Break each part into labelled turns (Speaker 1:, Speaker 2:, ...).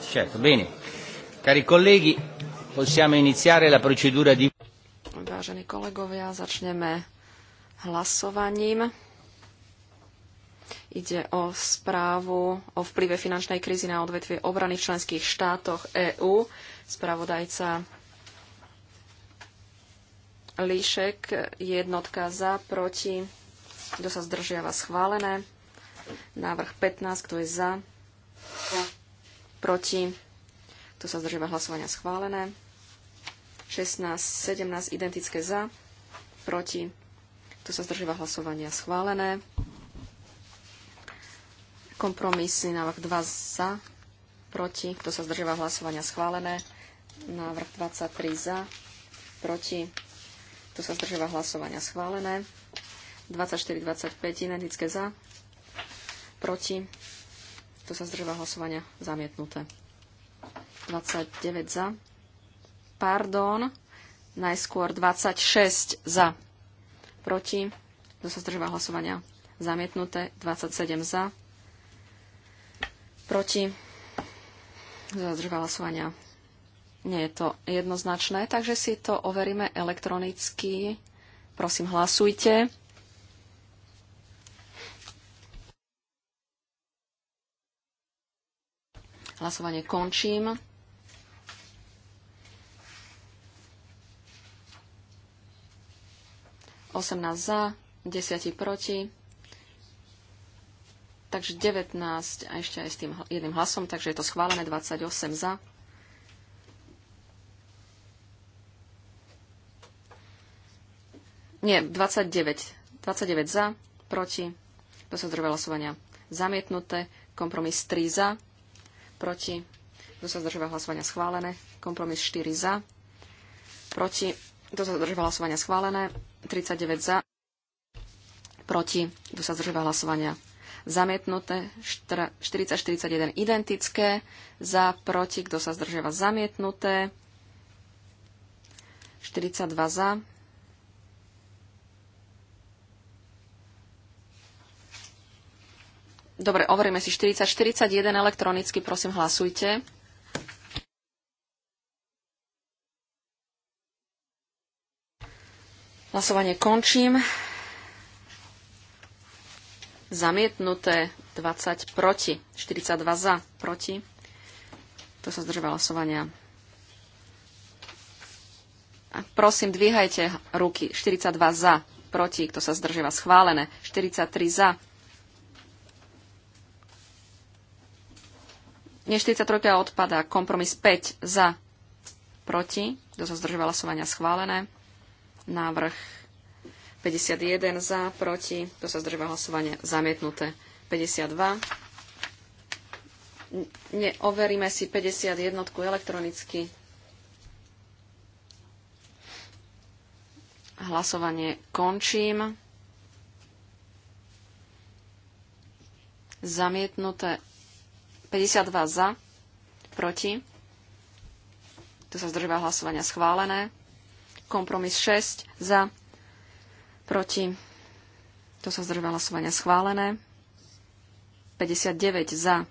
Speaker 1: Certo, bene. Cari colleghi, possiamo iniziare la procedura di...
Speaker 2: Vážení kolegovia, začneme hlasovaním. Ide o správu o vplyve finančnej krízy na odvetvie obrany v členských štátoch EÚ. Spravodajca Líšek, jednotka za, proti, kto sa zdržiava schválené. Návrh 15, kto je za, proti, tu sa zdržíva hlasovania schválené, 16, 17 identické za, proti, tu sa zdržíva hlasovania schválené, kompromisný návrh 2 za, proti, to sa zdržíva hlasovania schválené, návrh 23 za, proti, to sa zdržíva hlasovania schválené, 24, 25 identické za, proti, kto sa zdržoval hlasovania, zamietnuté. 29 za. Pardon. Najskôr 26 za. Proti. Kto sa zdržoval hlasovania? Zamietnuté. 27 za. Proti. Kto sa zdržoval hlasovania? Nie je to jednoznačné, takže si to overíme elektronicky. Prosím, hlasujte. Hlasovanie končím. Osemnásť za, 10 proti. Takže 19 a ešte aj s tým jedným hlasom, takže je to schválené 28 za. Nie, 29. 29 za, proti. To sa zdrvé hlasovania. Zamietnuté. Kompromis 3 za, proti, kto sa zdržoval hlasovania schválené, kompromis 4 za, proti, kto sa zdržoval hlasovania schválené, 39 za, proti, kto sa zdržoval hlasovania zamietnuté, 40-41 identické, za, proti, kto sa zdržiava zamietnuté, 42 za, Dobre, overíme si 40, 41 elektronicky, prosím, hlasujte. Hlasovanie končím. Zamietnuté 20 proti, 42 za proti. To sa zdržalo hlasovania. A prosím, dvíhajte ruky. 42 za proti, kto sa zdržíva schválené. 43 za 43 odpada. Kompromis 5 za, proti. Kto sa zdržoval hlasovania schválené. Návrh 51 za, proti. Kto sa zdržoval hlasovania zamietnuté. 52. Neoveríme si 51 elektronicky. Hlasovanie končím. Zamietnuté 52 za, proti. Tu sa zdržíva hlasovania schválené. Kompromis 6 za, proti. Tu sa zdržíva hlasovania schválené. 59 za,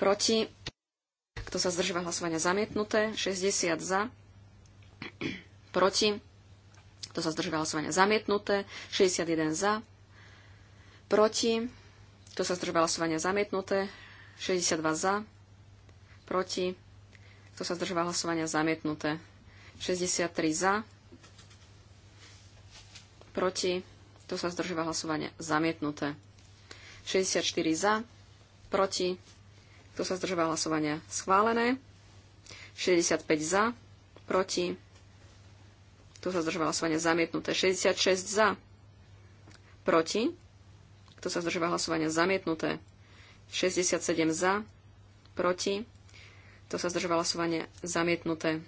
Speaker 2: proti. Kto sa zdržíva hlasovania zamietnuté? 60 za, proti. Kto sa zdržíva hlasovania zamietnuté? 61 za, proti. Kto sa zdržal hlasovania zamietnuté? 62 za. Proti. Kto sa zdržal hlasovania zamietnuté? 63 za. Proti. Kto sa zdržal hlasovania zamietnuté? 64 za. Proti. Kto sa zdržal hlasovania schválené? 65 za. Proti. Kto sa zdržal hlasovania zamietnuté? 66 za. Proti. Kto sa zdržíva hlasovania? Zamietnuté. 67 za, proti. Kto sa zdržíva hlasovania? Zamietnuté.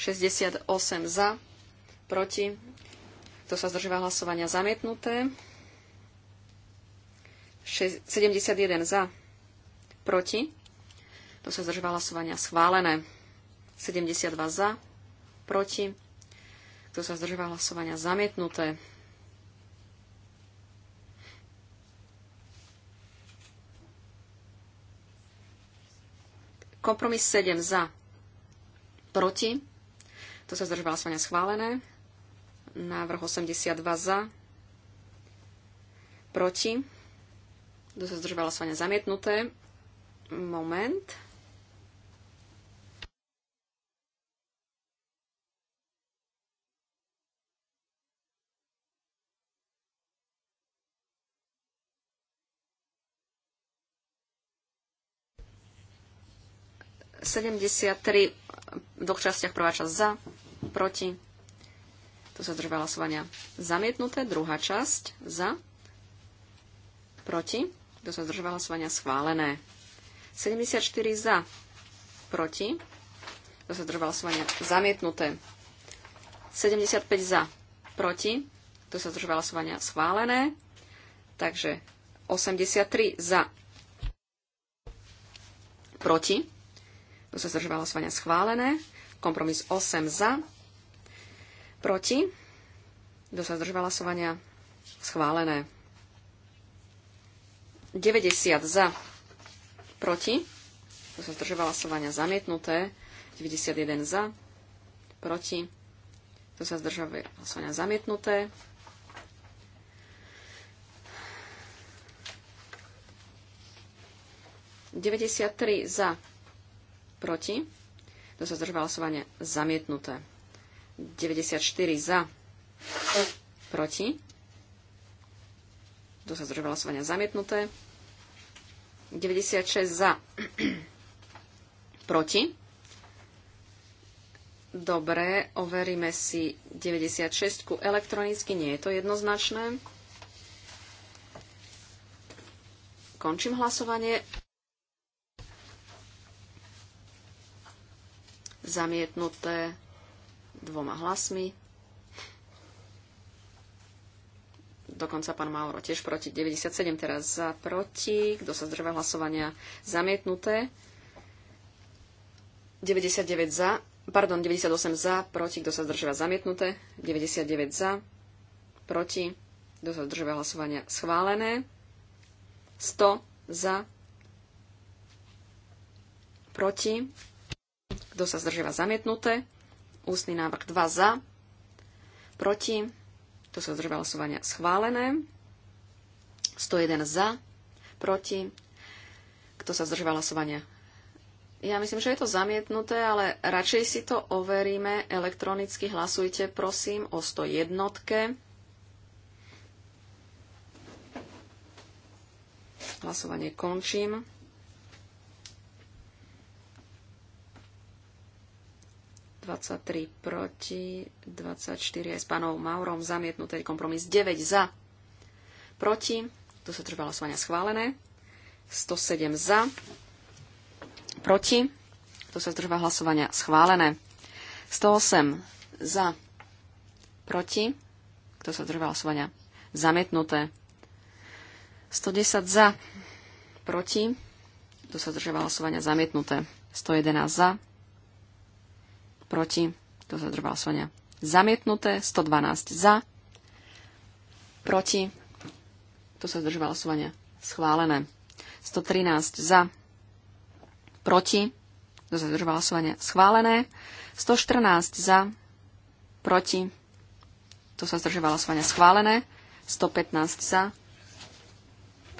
Speaker 2: 68 za, proti. Kto sa zdržíva hlasovania? Zamietnuté. 71 za, proti. Kto sa zdržíva hlasovania? Schválené. 72 za, proti. Kto sa zdržíva hlasovania? Zamietnuté. Kompromis 7 za, proti. To sa zdržovalo hlasovania schválené. Návrh 82 za, proti. To sa zdržovalo hlasovania zamietnuté. Moment. 73 v dvoch častiach. Prvá časť za, proti. Tu sa držba hlasovania zamietnuté. Druhá časť za, proti. Tu sa držba hlasovania schválené. 74 za, proti. Tu sa držba hlasovania zamietnuté. 75 za, proti. Tu sa držba hlasovania schválené. Takže 83 za, proti kto sa zdržoval hlasovania? Schválené. Kompromis 8 za. Proti. Kto sa zdržoval hlasovania? Schválené. 90 za. Proti. Kto sa zdržoval hlasovania? Zamietnuté. 91 za. Proti. Kto sa zdržoval hlasovania? Zamietnuté. 93 za proti, kto sa zdržal hlasovanie zamietnuté. 94 za, proti, kto sa zdržal hlasovania, zamietnuté. 96 za, proti. Dobre, overíme si 96 elektronicky, nie je to jednoznačné. Končím hlasovanie. zamietnuté dvoma hlasmi. Dokonca pán Mauro tiež proti 97 teraz za proti. Kto sa zdržal hlasovania zamietnuté? 99 za, pardon, 98 za, proti, kto sa zdržíva zamietnuté, 99 za, proti, kto sa zdržíva hlasovania schválené, 100 za, proti, kto sa zdržiava zamietnuté? Ústny návrh 2 za. Proti. Kto sa zdržiava hlasovania schválené? 101 za. Proti. Kto sa zdržiava hlasovania? Ja myslím, že je to zamietnuté, ale radšej si to overíme. Elektronicky hlasujte, prosím, o 101. Hlasovanie končím. 23 proti, 24 aj s pánom Maurom zamietnutý kompromis 9 za, proti, tu sa trvalo hlasovania schválené, 107 za, proti, tu sa zdržba hlasovania schválené, 108 za, proti, kto sa zdržal hlasovania zamietnuté, 110 za, proti, kto sa zdržal hlasovania zamietnuté, 111 za, proti, to sa Sonia. Zamietnuté, 112 za, proti, to sa zdržal Sonia. Schválené. 113 za, proti, to sa zdržal hlasovania. Schválené. 114 za, proti, to sa zdržal hlasovania. Schválené. 115 za,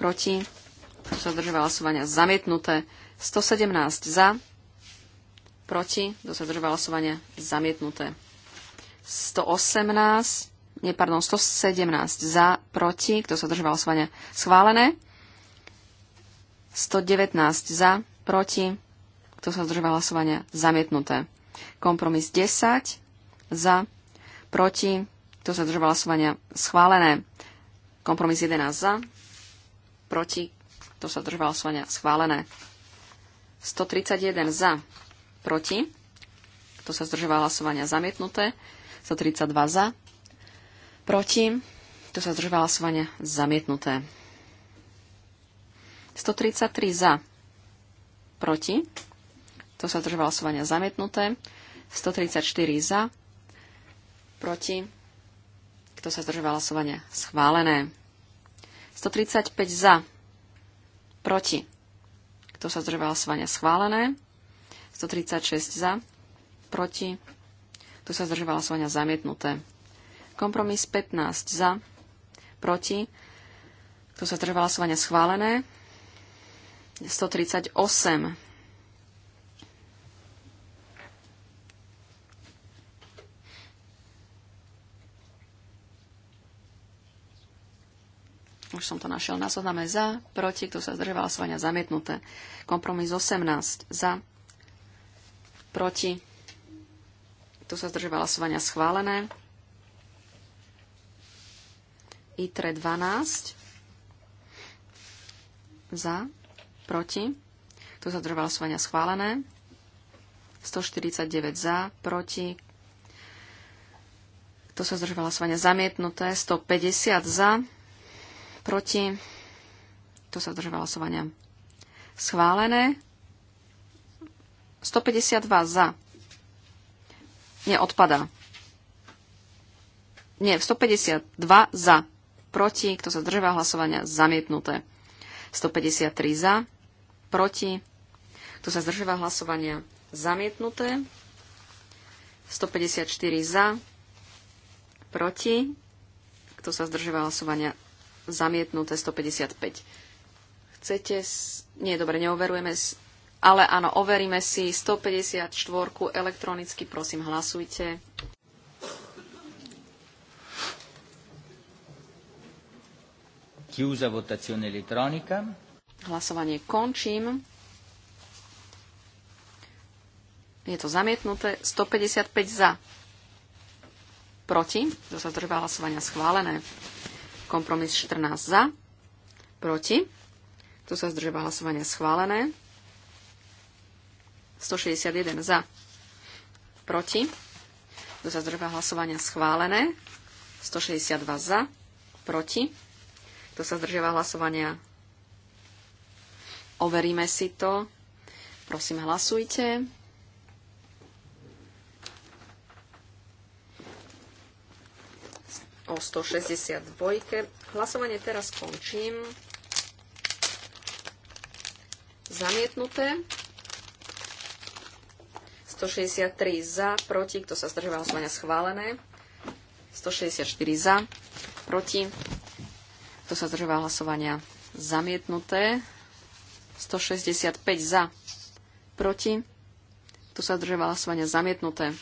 Speaker 2: proti, to sa zdržal hlasovania. Zamietnuté. 117 za, proti, kto sa zdržal hlasovania, zamietnuté. 118, nie, pardon, 117 za, proti, kto sa držal hlasovania, schválené. 119 za, proti, kto sa zdržal hlasovania, zamietnuté. Kompromis 10 za, proti, kto sa zdržal hlasovania, schválené. Kompromis 11 za, proti, kto sa zdržal hlasovania, schválené. 131 za, proti. Kto sa zdržoval hlasovania zamietnuté. 132 za, proti. Kto sa zdržoval hlasovania zamietnuté. 133 za, proti. Kto sa zdržoval hlasovania zamietnuté. 134 za, proti. Kto sa zdržoval hlasovania schválené. 135 za, proti. Kto sa zdržoval hlasovania schválené. 136 za, proti, tu sa zdržovala Sonia zamietnuté. Kompromis 15 za, proti, tu sa zdržovala Sonia schválené. 138 už som to našiel na zozname za, proti, kto sa zdržoval, hlasovania zamietnuté. Kompromis 18 za, proti, tu sa zdržuje hlasovania schválené. ITRE 12 za, proti, tu sa zdržuje hlasovania schválené. 149 za, proti, to sa zdržuje hlasovania zamietnuté, 150 za, proti, to sa zdržuje hlasovania schválené, 152 za. odpadá. Nie, 152 za. Proti, kto sa zdržíva hlasovania, zamietnuté. 153 za. Proti, kto sa zdržíva hlasovania, zamietnuté. 154 za. Proti, kto sa zdržíva hlasovania, zamietnuté. 155. Chcete... S... Nie, dobre, neoverujeme. Ale áno, overíme si 154 elektronicky, prosím, hlasujte.
Speaker 1: Chiusa votazione elettronica.
Speaker 2: Hlasovanie končím. Je to zamietnuté. 155 za. Proti. Kto sa zdržal hlasovania schválené. Kompromis 14 za. Proti. Tu sa zdržal hlasovania schválené. 161 za. Proti. Kto sa zdržal hlasovania schválené. 162 za. Proti. Kto sa zdržiava hlasovania? Overíme si to. Prosím, hlasujte. O 162. Hlasovanie teraz končím. Zamietnuté. 163 za, proti, kto sa zdržal hlasovania schválené. 164 za, proti, kto sa zdržal hlasovania zamietnuté. 165 za, proti, kto sa zdržal hlasovania zamietnuté.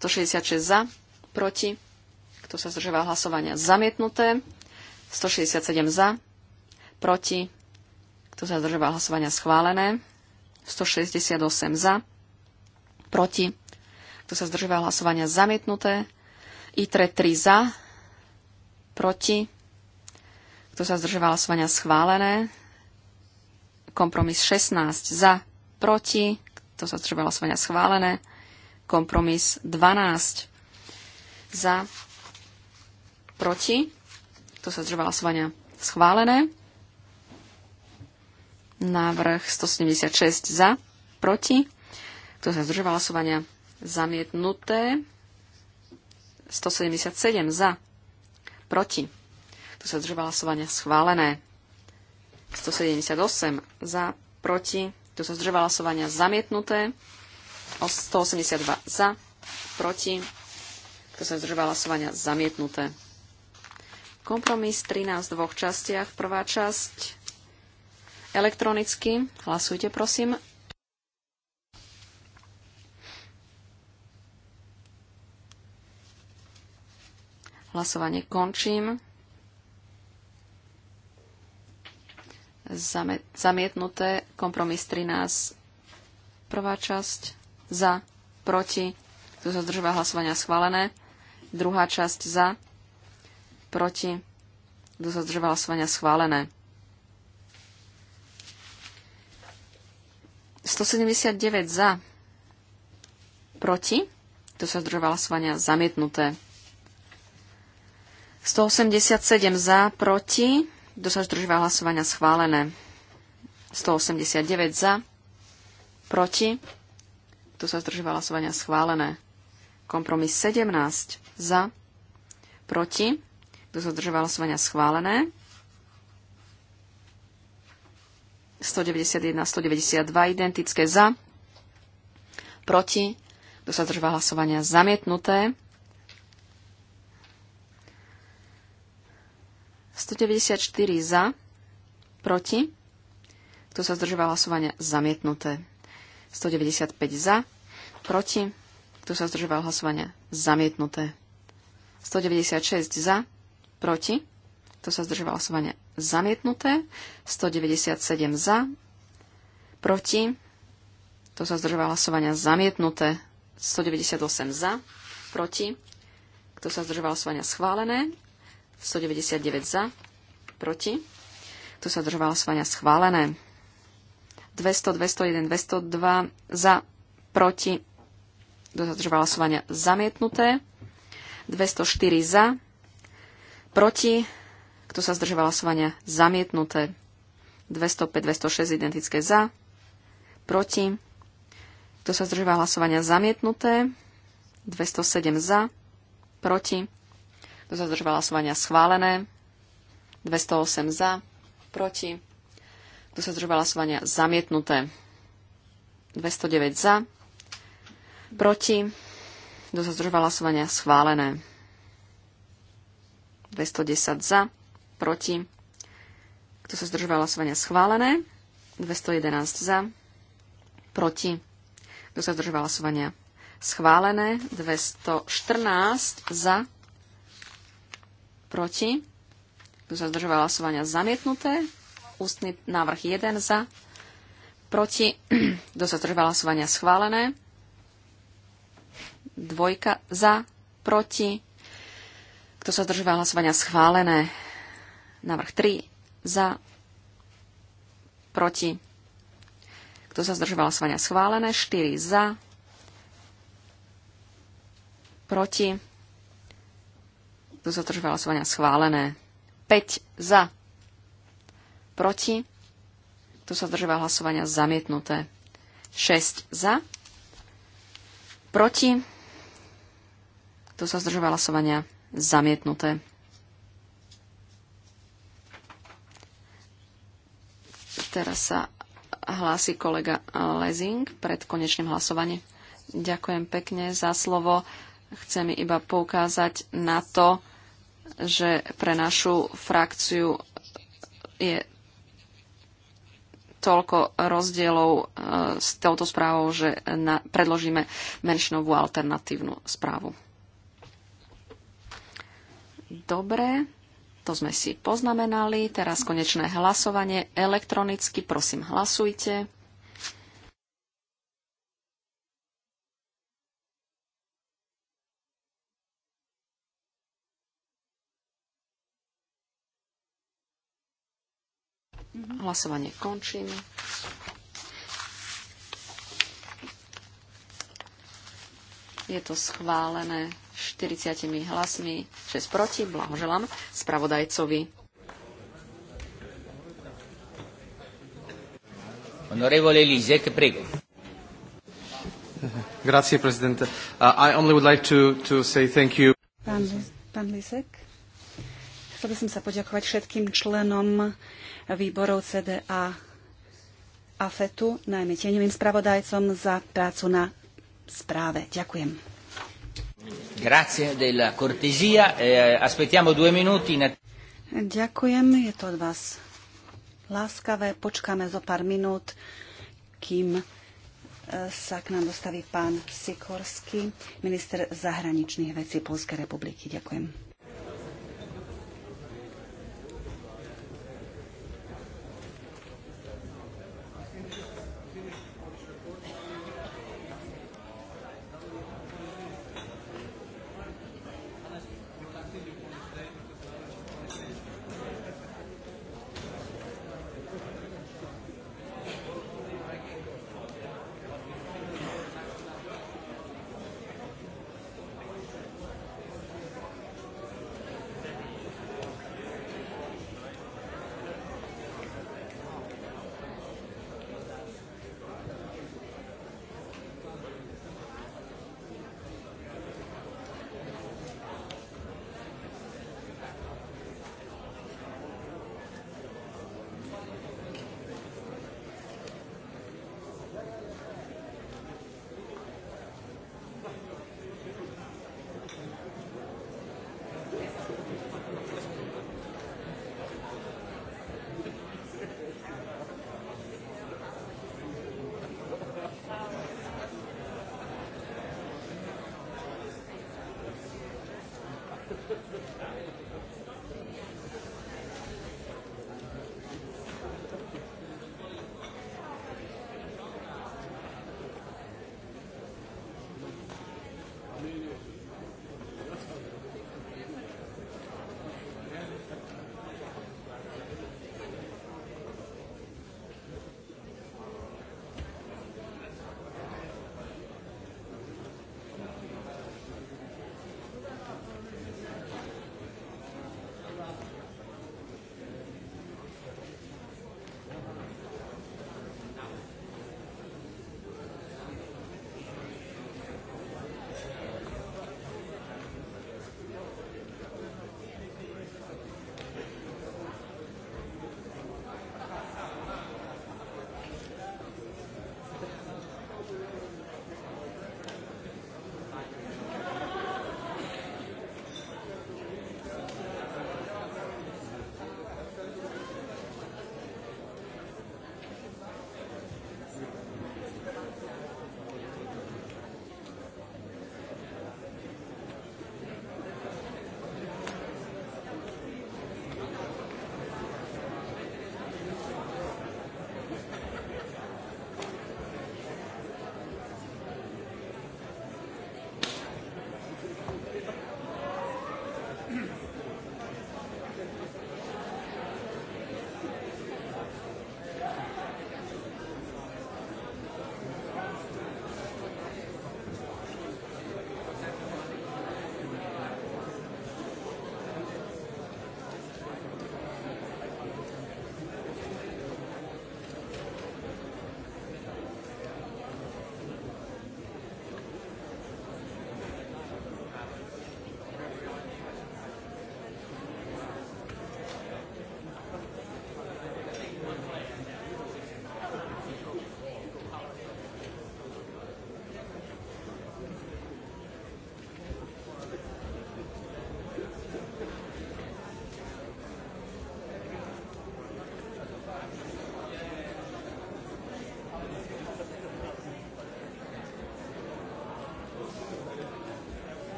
Speaker 2: 166 za, proti, kto sa zdržal hlasovania zamietnuté. 167 za, proti, kto sa zdržal hlasovania schválené. 168 za, proti, kto sa zdržíva hlasovania zamietnuté, ITRE 3 za, proti, kto sa zdržíva hlasovania schválené, kompromis 16 za, proti, kto sa zdržíva hlasovania schválené, kompromis 12 za, proti, kto sa zdržíva hlasovania schválené, návrh 176 za, proti, kto sa zdržoval hlasovania? Zamietnuté. 177 za. Proti. Kto sa zdržoval hlasovania? Schválené. 178 za. Proti. Kto sa zdržoval hlasovania? Zamietnuté. 182 za. Proti. Kto sa zdržoval hlasovania? Zamietnuté. Kompromis 13 v dvoch častiach. Prvá časť elektronicky. Hlasujte, prosím. Hlasovanie končím. Zamietnuté. Kompromis 13. Prvá časť. Za. Proti. Tu sa zdržová hlasovania schválené. Druhá časť za. Proti. Tu sa zdržová hlasovania schválené. 179 za, proti, tu sa zdržovala hlasovania, zamietnuté. 187 za, proti. Kto sa zdržíva hlasovania schválené? 189 za, proti. Kto sa zdržíva hlasovania schválené? Kompromis 17 za, proti. Kto sa zdržíva hlasovania schválené? 191, 192 identické za, proti. Kto sa zdržíva hlasovania zamietnuté? 194 za, proti, kto sa zdržuje hlasovania, zamietnuté. 195 za, proti, kto sa zdržuje hlasovania, zamietnuté. 196 za, proti, kto sa zdržuje hlasovania, zamietnuté. 197 za, proti, kto sa zdržuje hlasovania, zamietnuté. 198 za, proti, kto sa zdržuje hlasovania, schválené. 199 za, proti. Tu sa držovalo svania schválené. 200, 201, 202 za, proti. Tu sa držovalo svania zamietnuté. 204 za, proti. Kto sa zdržoval hlasovania? Zamietnuté. 205, 206 identické za, proti. Kto sa zdržoval hlasovania? Zamietnuté. 207 za, proti. Kto sa zdržal hlasovania? Schválené. 208 za. Proti. Kto sa zdržal hlasovania? Zamietnuté. 209 za. Proti. Kto sa zdržal hlasovania? Schválené. 210 za. Proti. Kto sa zdržoval hlasovania? Schválené. 211 za. Proti. Kto sa zdržal hlasovania? Schválené. 214 za proti, kto sa zdržoval hlasovania zamietnuté, ústny návrh 1 za, proti, kto sa zdržoval hlasovania schválené, dvojka za, proti, kto sa zdržoval hlasovania schválené, návrh 3 za, proti, kto sa zdržoval hlasovania schválené, 4 za, proti, kto sa zdržal hlasovania? Schválené. 5 za. Proti. Kto sa zdržal hlasovania? Zamietnuté. 6 za. Proti. Kto sa zdržal hlasovania? Zamietnuté. Teraz sa hlási kolega Lezing pred konečným hlasovaním. Ďakujem pekne za slovo. Chcem iba poukázať na to, že pre našu frakciu je toľko rozdielov e, s touto správou, že na, predložíme menšinovú alternatívnu správu. Dobre, to sme si poznamenali. Teraz konečné hlasovanie elektronicky. Prosím, hlasujte. Mm-hmm. Hlasovanie končím. Je to schválené 40 hlasmi, 6 proti. Blahoželám spravodajcovi.
Speaker 1: Onorevole Lisek, prego.
Speaker 3: Grazie, Presidente. Uh, I only would like to, to say thank you. Pán, pán Lisek. Chcel by som sa poďakovať všetkým členom výborov CDA a FETu, najmä tieňovým spravodajcom za prácu na správe. Ďakujem.
Speaker 1: Grazie della cortesia. Eh, aspettiamo due minuti.
Speaker 3: Ďakujem, je to od vás láskavé. Počkáme zo pár minút, kým eh, sa k nám dostaví pán Sikorsky, minister zahraničných vecí Polskej republiky. Ďakujem.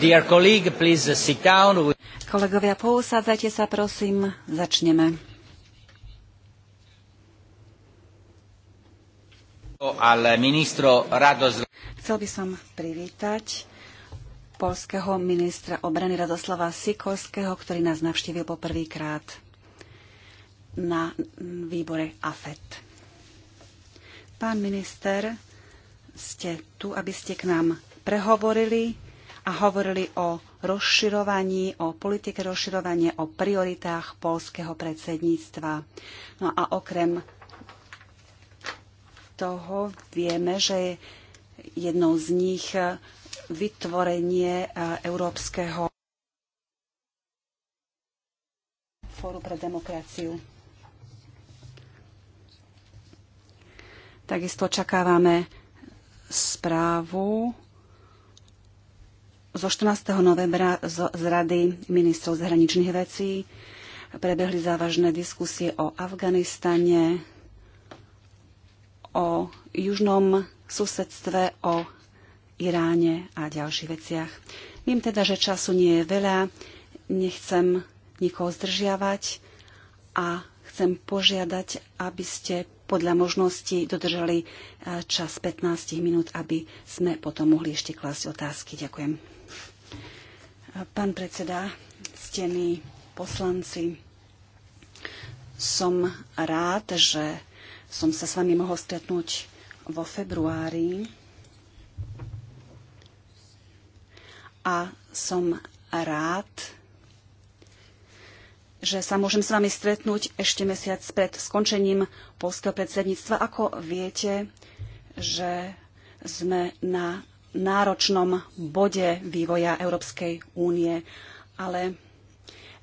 Speaker 3: Dear colleague, please sit down. Kolegovia, pousádzajte sa, prosím. Začneme. Chcel by som privítať polského ministra obrany Radoslava Sikorského, ktorý nás navštívil poprvýkrát na výbore AFET. Pán minister, ste tu, aby ste k nám prehovorili a hovorili o rozširovaní, o politike rozširovania, o prioritách polského predsedníctva. No a okrem toho vieme, že je jednou z nich vytvorenie e, Európskeho fóru pre demokraciu. Takisto očakávame správu zo 14. novembra z, z Rady ministrov zahraničných vecí prebehli závažné diskusie o Afganistane, o južnom susedstve, o Iráne a ďalších veciach. Viem teda, že času nie je veľa, nechcem nikoho zdržiavať a chcem požiadať, aby ste podľa možnosti dodržali e, čas 15 minút, aby sme potom mohli ešte klásť otázky. Ďakujem. E, pán predseda, stení poslanci, som rád, že som sa s vami mohol stretnúť vo februári a som rád, že sa môžem s vami stretnúť ešte mesiac pred skončením polského predsedníctva. Ako viete, že sme na náročnom bode vývoja Európskej únie, ale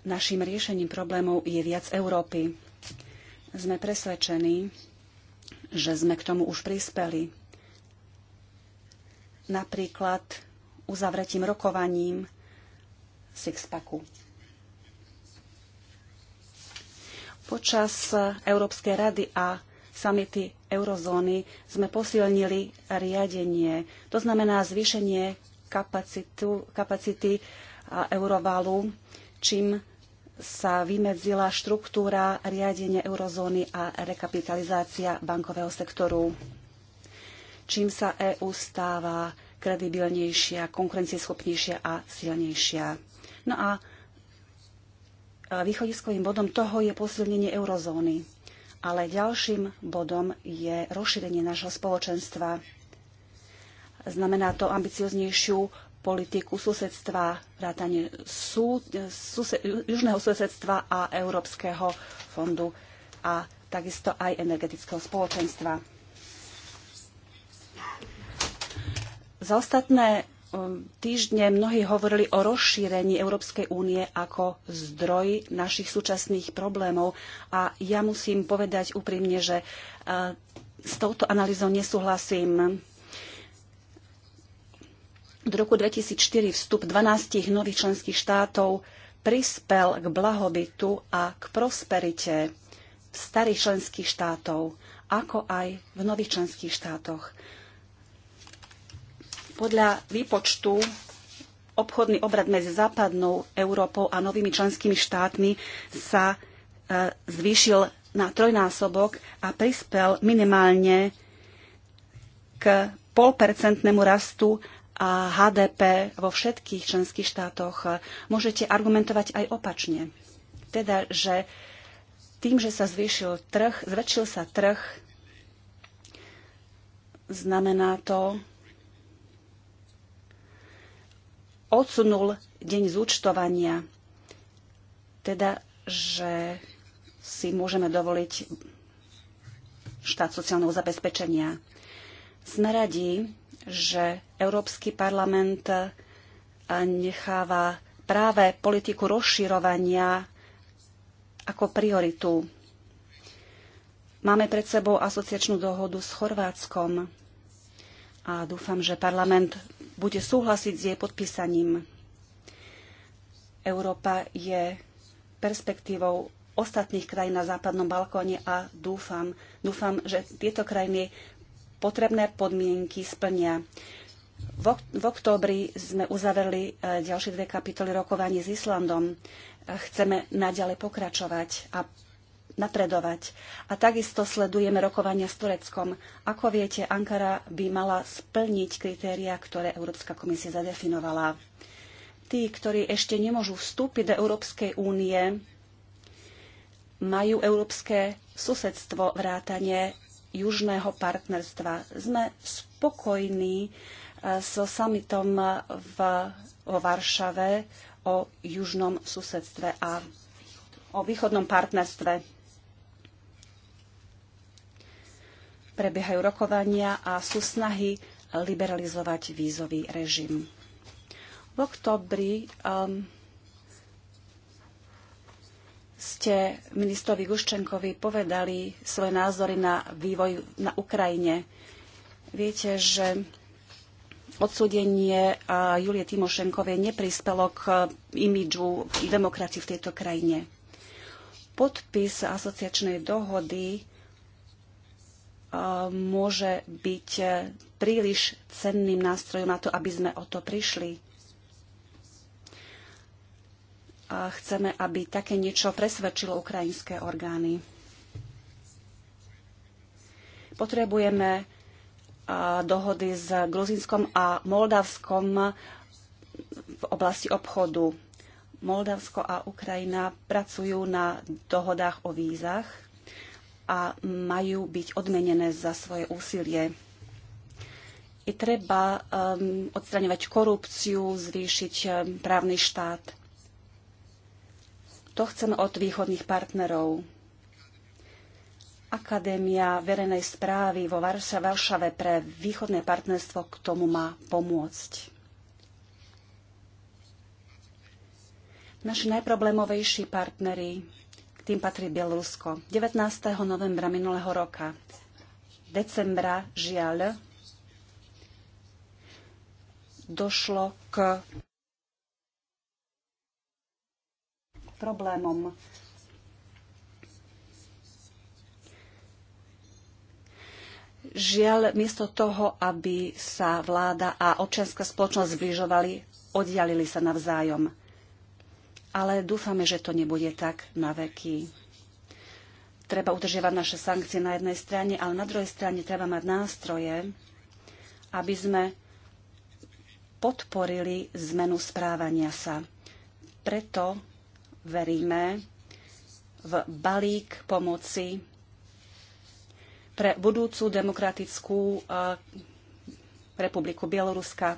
Speaker 3: našim riešením problémov je viac Európy. Sme presvedčení, že sme k tomu už prispeli. Napríklad uzavretím rokovaním Sixpacku. Počas e, Európskej rady a samity eurozóny sme posilnili riadenie. To znamená zvýšenie kapacitu, kapacity e, eurovalu, čím sa vymedzila štruktúra riadenie eurozóny a rekapitalizácia bankového sektoru, čím sa EÚ stáva kredibilnejšia, konkurencieschopnejšia a silnejšia. No a východiskovým bodom toho je posilnenie eurozóny. Ale ďalším bodom je rozšírenie nášho spoločenstva. Znamená to ambicioznejšiu politiku susedstva, vrátanie sú, sused, južného susedstva a Európskeho fondu a takisto aj energetického spoločenstva. Za ostatné týždne mnohí hovorili o rozšírení Európskej únie ako zdroj našich súčasných problémov a ja musím povedať úprimne, že eh, s touto analýzou nesúhlasím. V roku 2004 vstup 12 nových členských štátov prispel k blahobytu a k prosperite starých členských štátov, ako aj v nových členských štátoch. Podľa výpočtu obchodný obrad medzi západnou Európou a novými členskými štátmi sa e, zvýšil na trojnásobok a prispel minimálne k polpercentnému rastu a HDP vo všetkých členských štátoch. Môžete argumentovať aj opačne. Teda, že tým, že sa zvýšil trh, zväčšil sa trh, znamená to, odsunul deň zúčtovania. Teda, že si môžeme dovoliť štát sociálneho zabezpečenia. Sme radi, že Európsky parlament eh, necháva práve politiku rozširovania ako prioritu. Máme pred sebou asociačnú dohodu s Chorvátskom a dúfam, že parlament bude súhlasiť s jej podpísaním. Európa je perspektívou ostatných krajín na západnom Balkóne a dúfam, dúfam, že tieto krajiny potrebné podmienky splnia. V októbri sme uzavreli e, ďalšie dve kapitoly rokovaní s Islandom. E, chceme naďalej pokračovať a napredovať. A takisto sledujeme rokovania s Tureckom. Ako viete, Ankara by mala splniť kritéria, ktoré Európska komisia zadefinovala. Tí, ktorí ešte nemôžu vstúpiť do Európskej únie, majú európske susedstvo vrátanie južného partnerstva. Sme spokojní eh, so summitom v, vo Varšave o južnom susedstve a o východnom partnerstve. prebiehajú rokovania a sú snahy liberalizovať vízový režim. V oktobri um, ste ministrovi Guščenkovi povedali svoje názory na vývoj na Ukrajine. Viete, že odsúdenie Julie Timošenkovej neprispelo k uh, imidžu demokrati v tejto krajine. Podpis asociačnej dohody môže byť e, príliš cenným nástrojom na to, aby sme o to prišli. A chceme, aby také niečo presvedčilo ukrajinské orgány. Potrebujeme e, dohody s Gruzinskom a Moldavskom v oblasti obchodu. Moldavsko a Ukrajina pracujú na dohodách o vízach a majú byť odmenené za svoje úsilie. Je treba um, odstraňovať korupciu, zvýšiť um, právny štát. To chceme od východných partnerov. Akadémia verejnej správy vo Varšave pre východné partnerstvo k tomu má pomôcť. Naši najproblémovejší partnery tým patrí Bielorusko. 19. novembra minulého roka, decembra žiaľ, došlo k problémom. Žiaľ, miesto toho, aby sa vláda a občianská spoločnosť zbližovali, oddialili sa navzájom ale dúfame, že to nebude tak na veky. Treba udržiavať naše sankcie na jednej strane, ale na druhej strane treba mať nástroje, aby sme podporili zmenu správania sa. Preto veríme v balík pomoci pre budúcu demokratickú eh, republiku Bieloruska,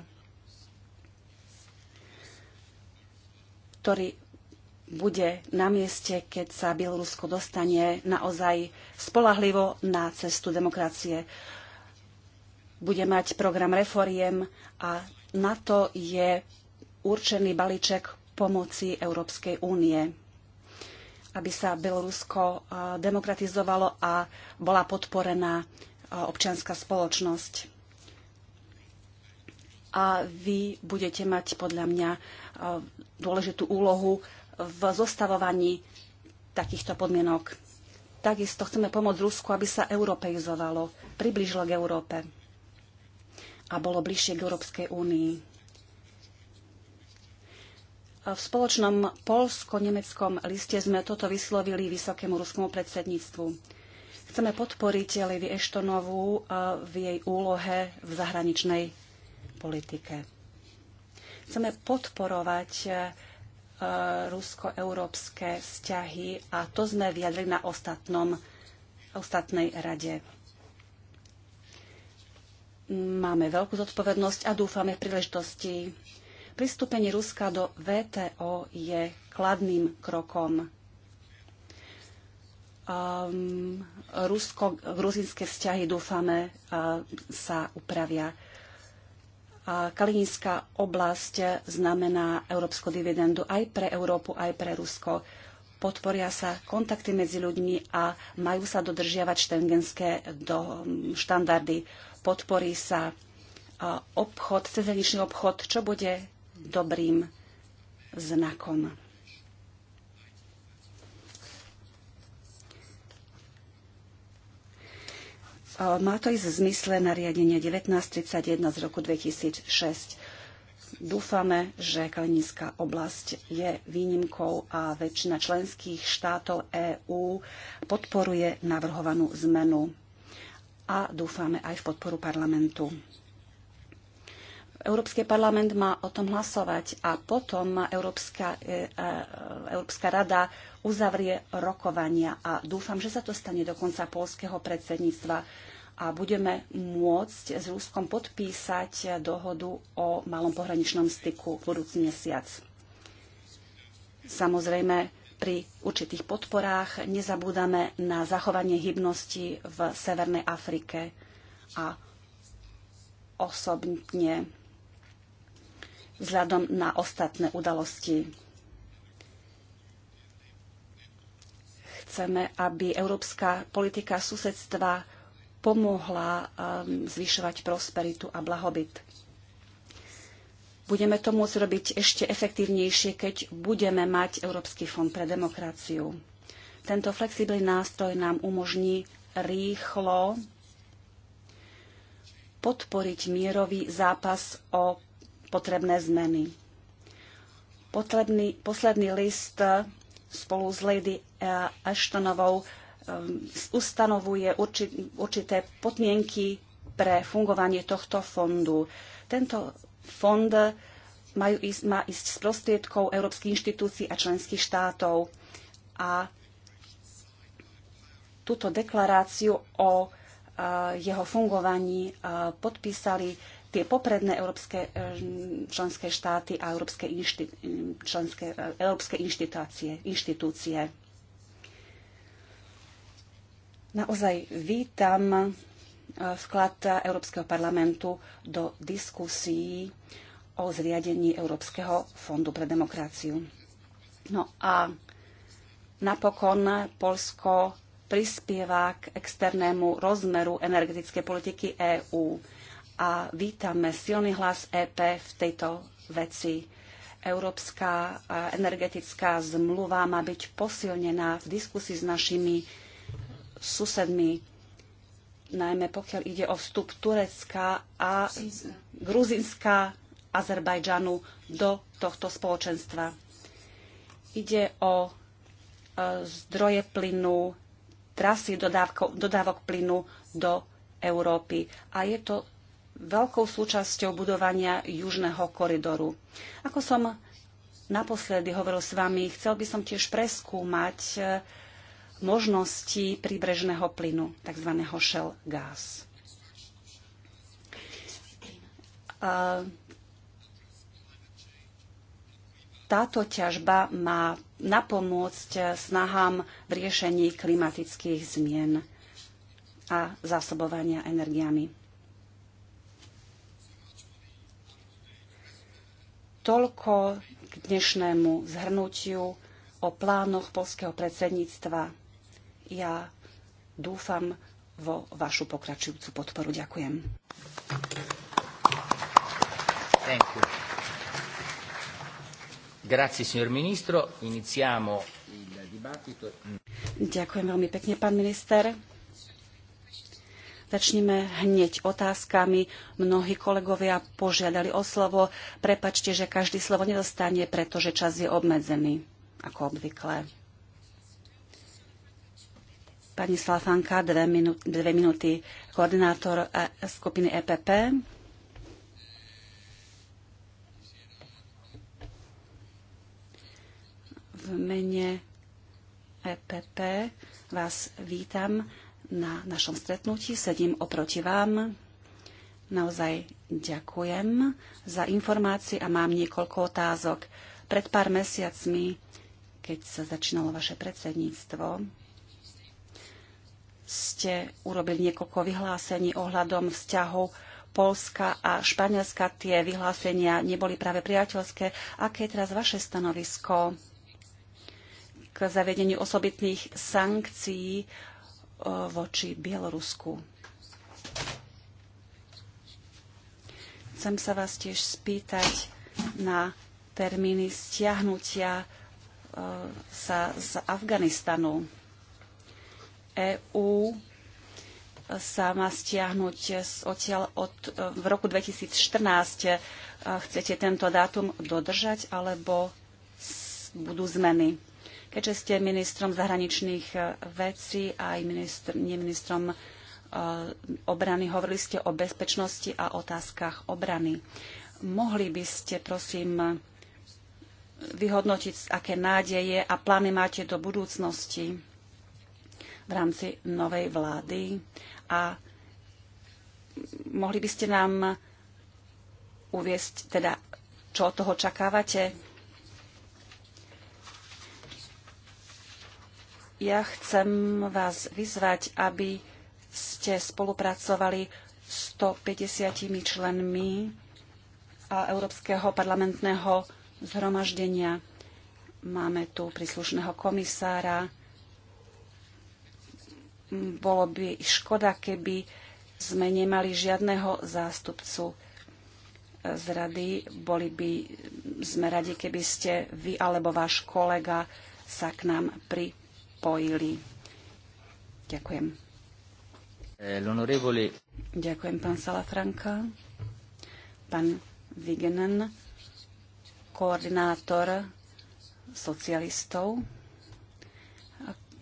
Speaker 3: ktorý bude na mieste, keď sa Bielorusko dostane naozaj spolahlivo na cestu demokracie. Bude mať program reforiem a na to je určený balíček pomoci Európskej únie, aby sa Bielorusko e, demokratizovalo a bola podporená e, občianská spoločnosť. A vy budete mať podľa mňa e, dôležitú úlohu v zostavovaní takýchto podmienok. Takisto chceme pomôcť Rusku, aby sa europeizovalo, približilo k Európe a bolo bližšie k Európskej únii. V spoločnom polsko-nemeckom liste sme toto vyslovili vysokému ruskému predsedníctvu. Chceme podporiť Levi Eštonovú e, v jej úlohe v zahraničnej politike. Chceme podporovať e, Eh, rusko-európske vzťahy a to sme vyjadrili na ostatnom, ostatnej rade. Máme veľkú zodpovednosť a dúfame v príležitosti. Pristúpenie Ruska do VTO je kladným krokom. Um, ehm, Rusko-gruzinské vzťahy dúfame uh, sa upravia Kalinská oblasť znamená európsku dividendu aj pre Európu, aj pre Rusko. Podporia sa kontakty medzi ľuďmi a majú sa dodržiavať štengenské do, štandardy. Podporí sa obchod, cezhraničný obchod, čo bude dobrým znakom. Má to ísť v zmysle nariadenia 1931 z roku 2006. Dúfame, že Kalinická oblasť je výnimkou a väčšina členských štátov EÚ podporuje navrhovanú zmenu a dúfame aj v podporu parlamentu. Európsky parlament má o tom hlasovať a potom Európska, e, e, Európska rada uzavrie rokovania a dúfam, že sa to stane do konca polského predsedníctva a budeme môcť s Ruskom podpísať dohodu o malom pohraničnom styku v budúci mesiac. Samozrejme, pri určitých podporách nezabúdame na zachovanie hybnosti v Severnej Afrike a osobne vzhľadom na ostatné udalosti. Chceme, aby európska politika susedstva pomohla um, zvyšovať prosperitu a blahobyt. Budeme to môcť robiť ešte efektívnejšie, keď budeme mať Európsky fond pre demokraciu. Tento flexibilný nástroj nám umožní rýchlo podporiť mierový zápas o potrebné zmeny. Potrebný, posledný list eh, spolu s Lady eh, Ashtonovou eh, ustanovuje určit, určité podmienky pre fungovanie tohto fondu. Tento fond majú ísť, má ísť z prostriedkov európskych inštitúcií a členských štátov. A túto deklaráciu o jeho fungovaní podpísali tie popredné európske e, členské štáty a európske, inšti, členské, e, európske inštitúcie, inštitúcie. Naozaj vítam e, vklad Európskeho parlamentu do diskusí o zriadení Európskeho fondu pre demokraciu. No a napokon Polsko prispieva k externému rozmeru energetickej politiky EÚ a vítame silný hlas EP v tejto veci. Európska e, energetická zmluva má byť posilnená v diskusii s našimi susedmi, najmä pokiaľ ide o vstup Turecka a Gruzinska, Azerbajdžanu do tohto spoločenstva. Ide o e, zdroje plynu, trasy dodávok plynu do Európy. A je to veľkou súčasťou budovania južného koridoru. Ako som naposledy hovoril s vami, chcel by som tiež preskúmať e, možnosti príbrežného plynu, tzv. shell gas. E, táto ťažba má napomôcť snahám v riešení klimatických zmien a zásobovania energiami. Toľko k dnešnému zhrnutiu o plánoch polského predsedníctva. Ja dúfam vo vašu pokračujúcu podporu. Ďakujem.
Speaker 1: Thank you. Grazie, signor ministro. Iniziamo il dibattito.
Speaker 3: Ďakujem veľmi pekne, pán minister. Začneme hneď otázkami. Mnohí kolegovia požiadali o slovo. Prepačte, že každý slovo nedostane, pretože čas je obmedzený, ako obvykle. Pani Slafanka, dve, minú- dve minúty, koordinátor e, skupiny EPP. V mene EPP vás vítam na našom stretnutí, sedím oproti vám. Naozaj ďakujem za informácie a mám niekoľko otázok. Pred pár mesiacmi, keď sa začínalo vaše predsedníctvo, ste urobili niekoľko vyhlásení ohľadom vzťahov Polska a Španielska. Tie vyhlásenia neboli práve priateľské. Aké je teraz vaše stanovisko k zavedeniu osobitných sankcií E, voči Bielorusku. Chcem sa vás tiež spýtať na termíny stiahnutia e, sa z Afganistanu. EÚ sa má stiahnuť odtiaľ od, e, v roku 2014. Chcete tento dátum dodržať alebo budú zmeny? keďže ste ministrom zahraničných eh, vecí a aj ministr, nie ministrom eh, obrany. Hovorili ste o bezpečnosti a otázkach obrany. Mohli by ste, prosím, vyhodnotiť, aké nádeje a plány máte do budúcnosti v rámci novej vlády a mohli by ste nám uviesť, teda čo od toho čakávate, Ja chcem vás vyzvať, aby ste spolupracovali s 150 členmi Európskeho parlamentného zhromaždenia. Máme tu príslušného komisára. Bolo by škoda, keby sme nemali žiadneho zástupcu z rady. Boli by sme radi, keby ste vy alebo váš kolega sa k nám pri, spojili. Ďakujem. Ďakujem, pán Salafranka. Pán Vigenen, koordinátor socialistov.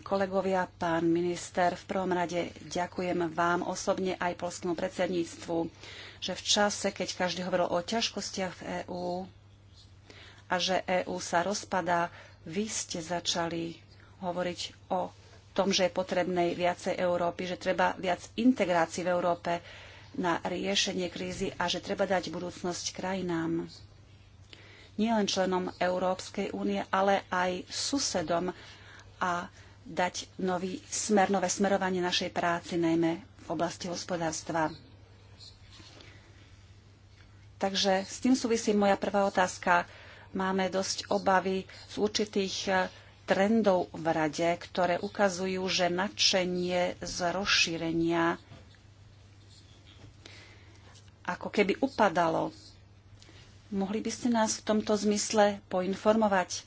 Speaker 3: Kolegovia, pán minister, v prvom rade ďakujem vám osobne aj polskému predsedníctvu, že v čase, keď každý hovoril o ťažkostiach v EÚ a že EÚ sa rozpadá, vy ste začali hovoriť o tom, že je potrebnej viacej Európy, že treba viac integrácií v Európe na riešenie krízy a že treba dať budúcnosť krajinám. Nielen členom Európskej únie, ale aj susedom a dať nový smer, nové smerovanie našej práci, najmä v oblasti hospodárstva. Takže s tým súvisí moja prvá otázka. Máme dosť obavy z určitých trendov v rade, ktoré ukazujú, že nadšenie z rozšírenia ako keby upadalo. Mohli by ste nás v tomto zmysle poinformovať,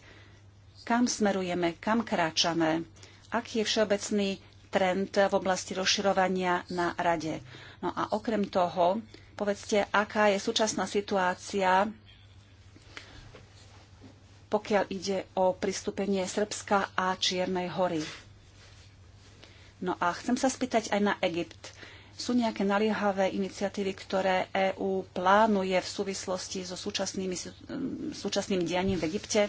Speaker 3: kam smerujeme, kam kráčame, aký je všeobecný trend v oblasti rozširovania na rade. No a okrem toho, povedzte, aká je súčasná situácia pokiaľ ide o pristúpenie Srbska a Čiernej hory. No a chcem sa spýtať aj na Egypt. Sú nejaké naliehavé iniciatívy, ktoré EÚ plánuje v súvislosti so súčasným dianím v Egypte?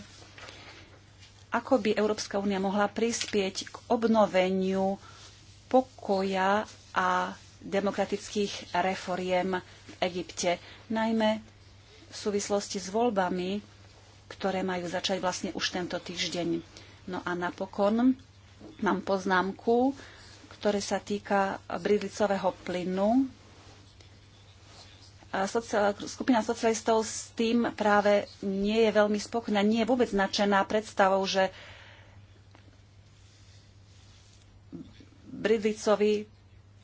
Speaker 3: Ako by Európska únia mohla prispieť k obnoveniu pokoja a demokratických reforiem v Egypte, najmä v súvislosti s voľbami ktoré majú začať vlastne už tento týždeň. No a napokon mám poznámku, ktoré sa týka bridlicového plynu. skupina socialistov s tým práve nie je veľmi spokojná, nie je vôbec značená predstavou, že bridlicový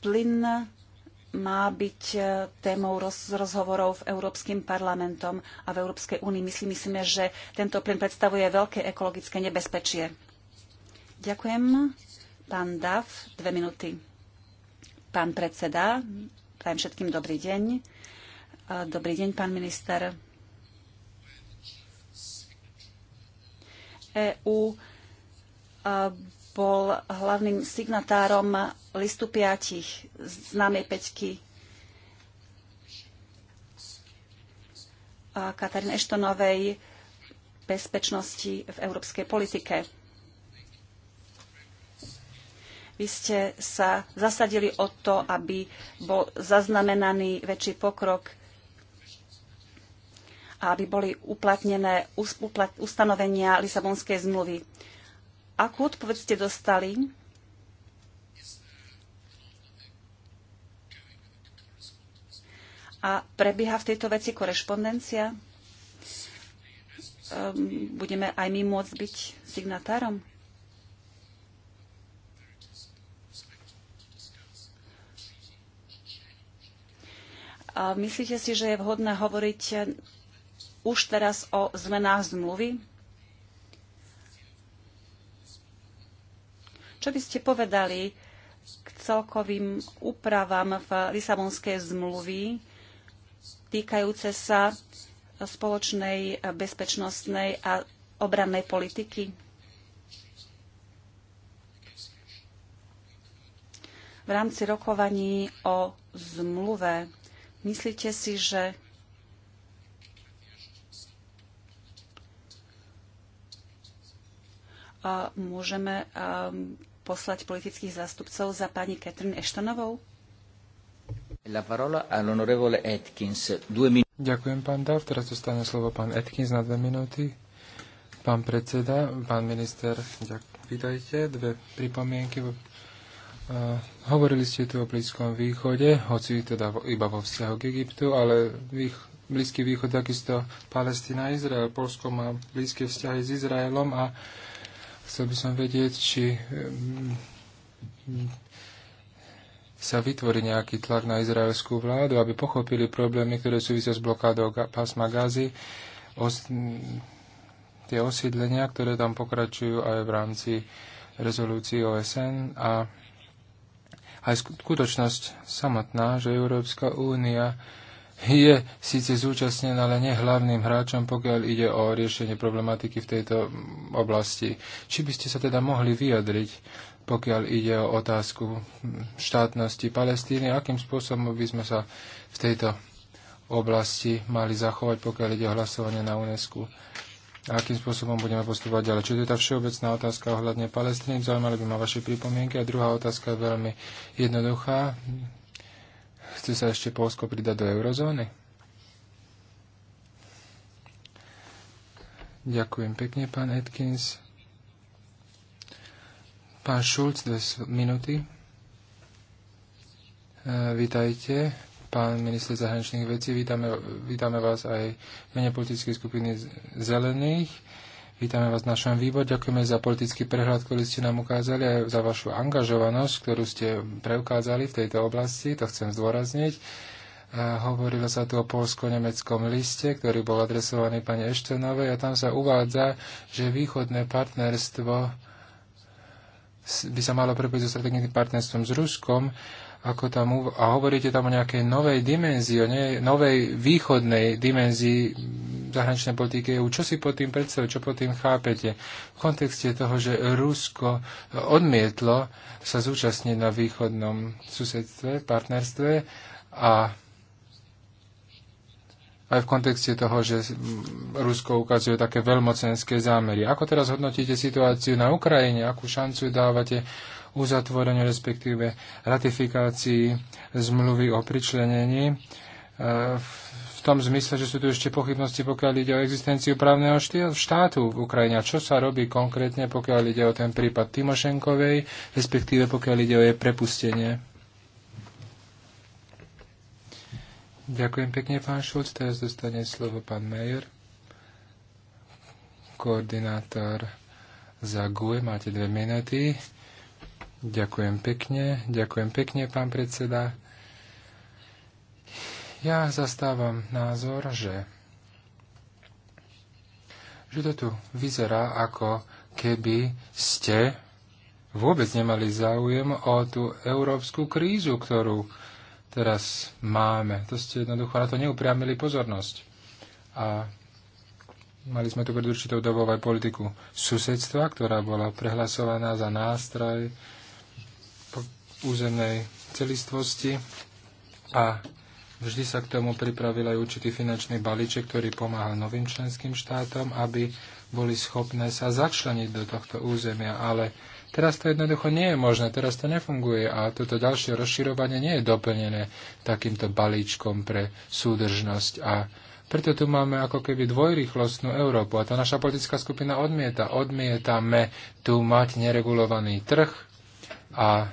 Speaker 3: plyn má byť e, témou roz, rozhovorov v Európskym parlamentom a v Európskej únii. My si myslíme, že tento plyn predstavuje veľké ekologické nebezpečie. Ďakujem. Pán Dav, dve minúty. Pán predseda, prajem všetkým dobrý deň. E, dobrý deň, pán minister. EÚ e bol hlavným signatárom listu piatich známej peťky Katarín Eštonovej bezpečnosti v európskej politike. Vy ste sa zasadili o to, aby bol zaznamenaný väčší pokrok a aby boli uplatnené ustanovenia Lisabonskej zmluvy. Akú odpoveď ste dostali? A prebieha v tejto veci korešpondencia? Ehm, budeme aj my môcť byť signatárom? A myslíte si, že je vhodné hovoriť už teraz o zmenách zmluvy? Čo by ste povedali k celkovým úpravám v Lisabonskej zmluvy týkajúce sa spoločnej bezpečnostnej a obrannej politiky? V rámci rokovaní o zmluve myslíte si, že môžeme poslať politických zástupcov za pani Catherine Ashtonovou?
Speaker 4: Ďakujem, pán Dav. Teraz dostane slovo pán Atkins na dve minúty. Pán predseda, pán minister, ďakujem. Vítajte. Dve pripomienky. Uh, hovorili ste tu o Blízkom východe, hoci teda iba vo vzťahu k Egyptu, ale vých, Blízky východ, takisto Palestina, Izrael. Polsko má blízke vzťahy s Izraelom a uh, Chcel by som vedieť, či mm, sa vytvorí nejaký tlak na izraelskú vládu, aby pochopili problémy, ktoré súvisia s blokádou pásma Gazy, os- tie osídlenia, ktoré tam pokračujú aj v rámci rezolúcií OSN a aj skutočnosť samotná, že Európska únia je síce zúčastnená, ale nie hlavným hráčom, pokiaľ ide o riešenie problematiky v tejto oblasti. Či by ste sa teda mohli vyjadriť, pokiaľ ide o otázku štátnosti Palestíny, akým spôsobom by sme sa v tejto oblasti mali zachovať, pokiaľ ide o hlasovanie na UNESCO. A akým spôsobom budeme postupovať ďalej. Čiže to je tá všeobecná otázka ohľadne Palestíny? Zaujímali by ma vaše pripomienky. A druhá otázka je veľmi jednoduchá. Chce sa ešte Polsko pridať do eurozóny? Ďakujem pekne, pán Atkins. Pán Šulc, dve minúty. E, vítajte, pán minister zahraničných vecí. Vítame, vítame vás aj v mene politickej skupiny Zelených. E, Vítame vás v našom výbore, ďakujeme za politický prehľad, ktorý ste nám ukázali a za vašu angažovanosť, ktorú ste preukázali v tejto oblasti, to chcem zdôrazniť. Hovorilo sa tu o polsko-nemeckom liste, ktorý bol adresovaný pani Eštenovej a tam sa uvádza, že východné partnerstvo by sa malo prepojiť so strategickým partnerstvom s Ruskom ako tam, a hovoríte tam o nejakej novej dimenzii, o ne, novej východnej dimenzii zahraničnej politiky EU. Čo si pod tým predstavujete, čo pod tým chápete? V kontexte toho, že Rusko e, odmietlo sa zúčastniť na východnom susedstve, partnerstve a aj v kontexte toho, že Rusko ukazuje také veľmocenské zámery. Ako teraz hodnotíte situáciu na Ukrajine? Akú šancu dávate uzatvorení, respektíve ratifikácii zmluvy o pričlenení e, v tom zmysle, že sú tu ešte pochybnosti, pokiaľ ide o existenciu právneho štátu v Ukrajine. Čo sa robí konkrétne, pokiaľ ide o ten prípad Timošenkovej, respektíve pokiaľ ide o jej prepustenie? Ďakujem pekne, pán Šulc. Teraz dostane slovo pán Mejer, koordinátor za GUE. Máte dve minúty. Ďakujem pekne, ďakujem pekne, pán predseda. Ja zastávam názor, že, že to tu vyzerá ako keby ste vôbec nemali záujem o tú európsku krízu, ktorú teraz máme. To ste jednoducho na to neupriamili pozornosť. A mali sme tu pred určitou dobou aj politiku susedstva, ktorá bola prehlasovaná za nástroj územnej celistvosti a vždy sa k tomu pripravil aj určitý finančný balíček, ktorý pomáhal novým členským štátom, aby boli schopné sa začleniť do tohto územia, ale teraz to jednoducho nie je možné, teraz to nefunguje a toto ďalšie rozširovanie nie je doplnené takýmto balíčkom pre súdržnosť a preto tu máme ako keby dvojrychlostnú Európu a tá naša politická skupina odmieta. Odmietame tu mať neregulovaný trh a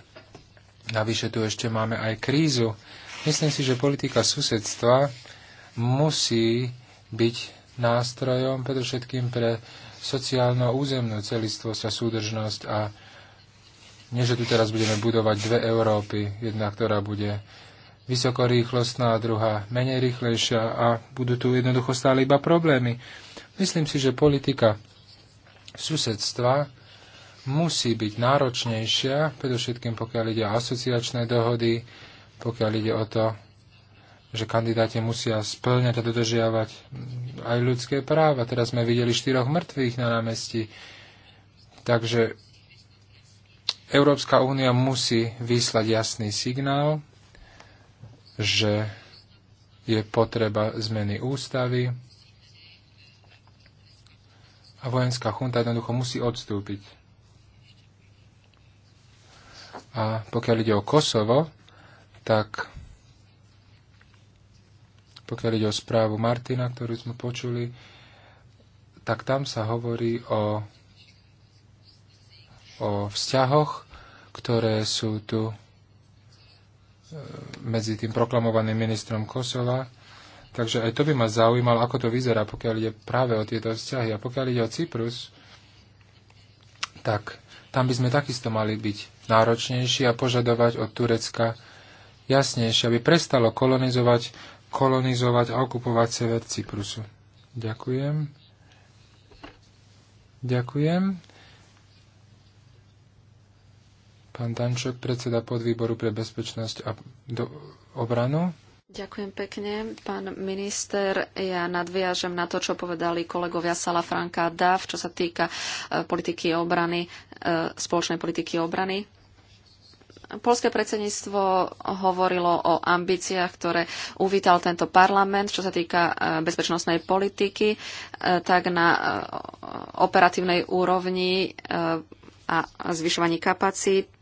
Speaker 4: Navyše tu ešte máme aj krízu. Myslím si, že politika susedstva musí byť nástrojom predovšetkým pre sociálno-územnú celistvosť a súdržnosť a nie, že tu teraz budeme budovať dve Európy, jedna, ktorá bude vysokorýchlostná, druhá menej rýchlejšia a budú tu jednoducho stále iba problémy. Myslím si, že politika susedstva musí byť náročnejšia, predovšetkým pokiaľ ide o asociačné dohody, pokiaľ ide o to, že kandidáti musia splňať a dodržiavať aj ľudské práva. Teraz sme videli štyroch mŕtvych na námestí. Takže Európska únia musí vyslať jasný signál, že je potreba zmeny ústavy a vojenská chunta jednoducho musí odstúpiť. A pokiaľ ide o Kosovo, tak pokiaľ ide o správu Martina, ktorú sme počuli, tak tam sa hovorí o, o vzťahoch, ktoré sú tu e, medzi tým proklamovaným ministrom Kosova. Takže aj to by ma zaujímalo, ako to vyzerá, pokiaľ ide práve o tieto vzťahy. A pokiaľ ide o Cyprus, tak tam by sme takisto mali byť náročnejší a požadovať od Turecka jasnejšie, aby prestalo kolonizovať, kolonizovať a okupovať sever Cyprusu. Ďakujem. Ďakujem. Pán Tančok, predseda podvýboru pre bezpečnosť a do, obranu.
Speaker 2: Ďakujem pekne, pán minister. Ja nadviažem na to, čo povedali kolegovia Sala Franka a Dav, čo sa týka e, politiky obrany, e, spoločnej politiky obrany. Polské predsedníctvo hovorilo o ambíciách, ktoré uvítal tento parlament, čo sa týka e, bezpečnostnej politiky, tak na operatívnej úrovni a zvyšovaní kapacít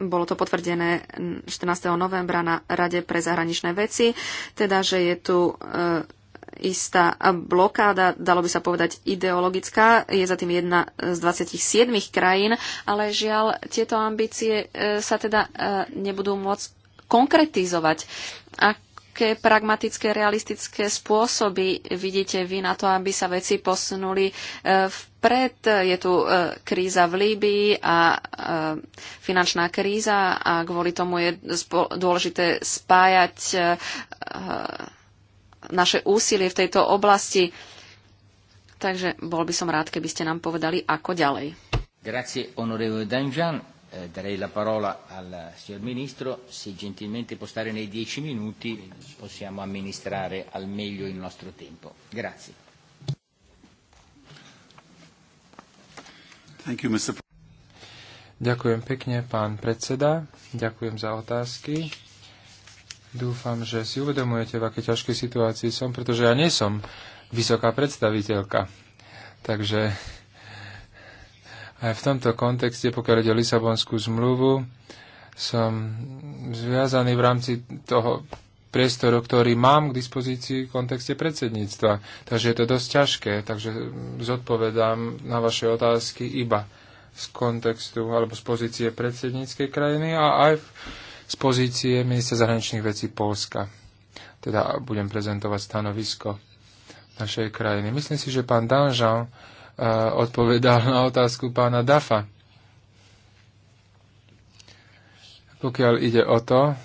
Speaker 2: bolo to potvrdené 14. novembra na Rade pre zahraničné veci, teda, že je tu e, istá blokáda, dalo by sa povedať ideologická. Je za tým jedna z 27 krajín, ale žiaľ, tieto ambície e, sa teda e, nebudú môcť konkretizovať. Ak aké pragmatické, realistické spôsoby vidíte vy na to, aby sa veci posunuli e, vpred? Je tu e, kríza v Líbii a e, finančná kríza a kvôli tomu je dôležité spájať naše úsilie v tejto oblasti. Takže bol by som rád, keby ste nám povedali, ako ďalej.
Speaker 1: Grazie, onorevole Danjan eh, darei la parola al signor Ministro, se gentilmente può stare nei dieci minuti possiamo amministrare al meglio il nostro tempo. Grazie.
Speaker 3: Thank you, Mr.
Speaker 4: Ďakujem pekne, pán predseda. Ďakujem za otázky. Dúfam, že si uvedomujete, v akej ťažkej situácii som, pretože ja nie som vysoká predstaviteľka. Takže aj v tomto kontexte, pokiaľ ide o Lisabonskú zmluvu, som zviazaný v rámci toho priestoru, ktorý mám k dispozícii v kontexte predsedníctva. Takže je to dosť ťažké, takže zodpovedám na vaše otázky iba z kontextu alebo z pozície predsedníckej krajiny a aj z pozície ministra zahraničných vecí Polska. Teda budem prezentovať stanovisko našej krajiny. Myslím si, že pán Danžan odpovedal na otázku pána Dafa. Pokiaľ ide o to,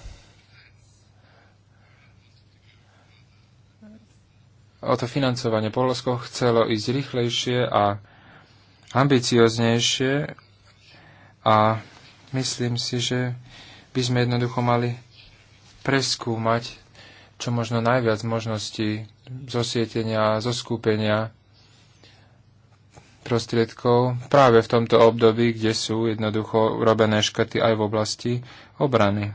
Speaker 4: o to financovanie. Polsko chcelo ísť rýchlejšie a ambicioznejšie a myslím si, že by sme jednoducho mali preskúmať čo možno najviac možností zosietenia, zoskúpenia prostriedkov práve v tomto období, kde sú jednoducho robené škrty aj v oblasti obrany.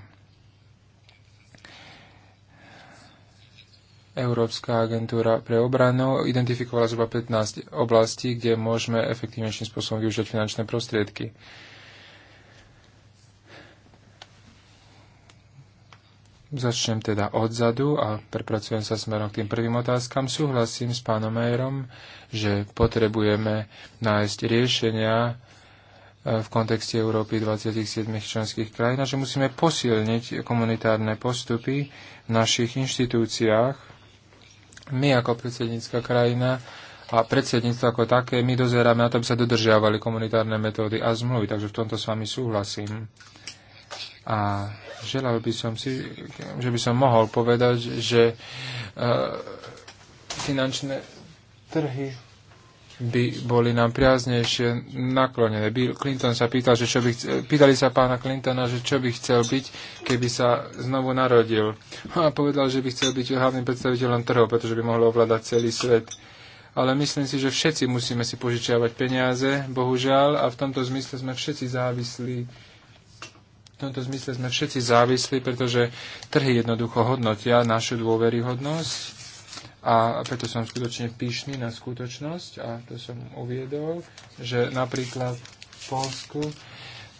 Speaker 4: Európska agentúra pre obranu identifikovala zhruba 15 oblastí, kde môžeme efektívnejším spôsobom využiť finančné prostriedky. Začnem teda odzadu a prepracujem sa smerom k tým prvým otázkam. Súhlasím s pánom Majerom, že potrebujeme nájsť riešenia e, v kontexte Európy 27 členských krajín a že musíme posilniť komunitárne postupy v našich inštitúciách. My ako predsednícka krajina a predsedníctvo ako také, my dozeráme na to, aby sa dodržiavali komunitárne metódy a zmluvy, takže v tomto s vami súhlasím. A Želal by som si, že by som mohol povedať, že eh, finančné trhy by boli nám priaznejšie naklonené. Bill Clinton sa pýtal, že čo by chcel, pýtali sa pána Clintona, že čo by chcel byť, keby sa znovu narodil. No a povedal, že by chcel byť hlavným predstaviteľom trhov, pretože by mohol ovládať celý svet. Ale myslím si, že všetci musíme si požičiavať peniaze, bohužiaľ, a v tomto zmysle sme všetci závislí v tomto zmysle sme všetci závislí, pretože trhy jednoducho hodnotia našu dôveryhodnosť a preto som skutočne píšný na skutočnosť a to som uviedol, že napríklad v Polsku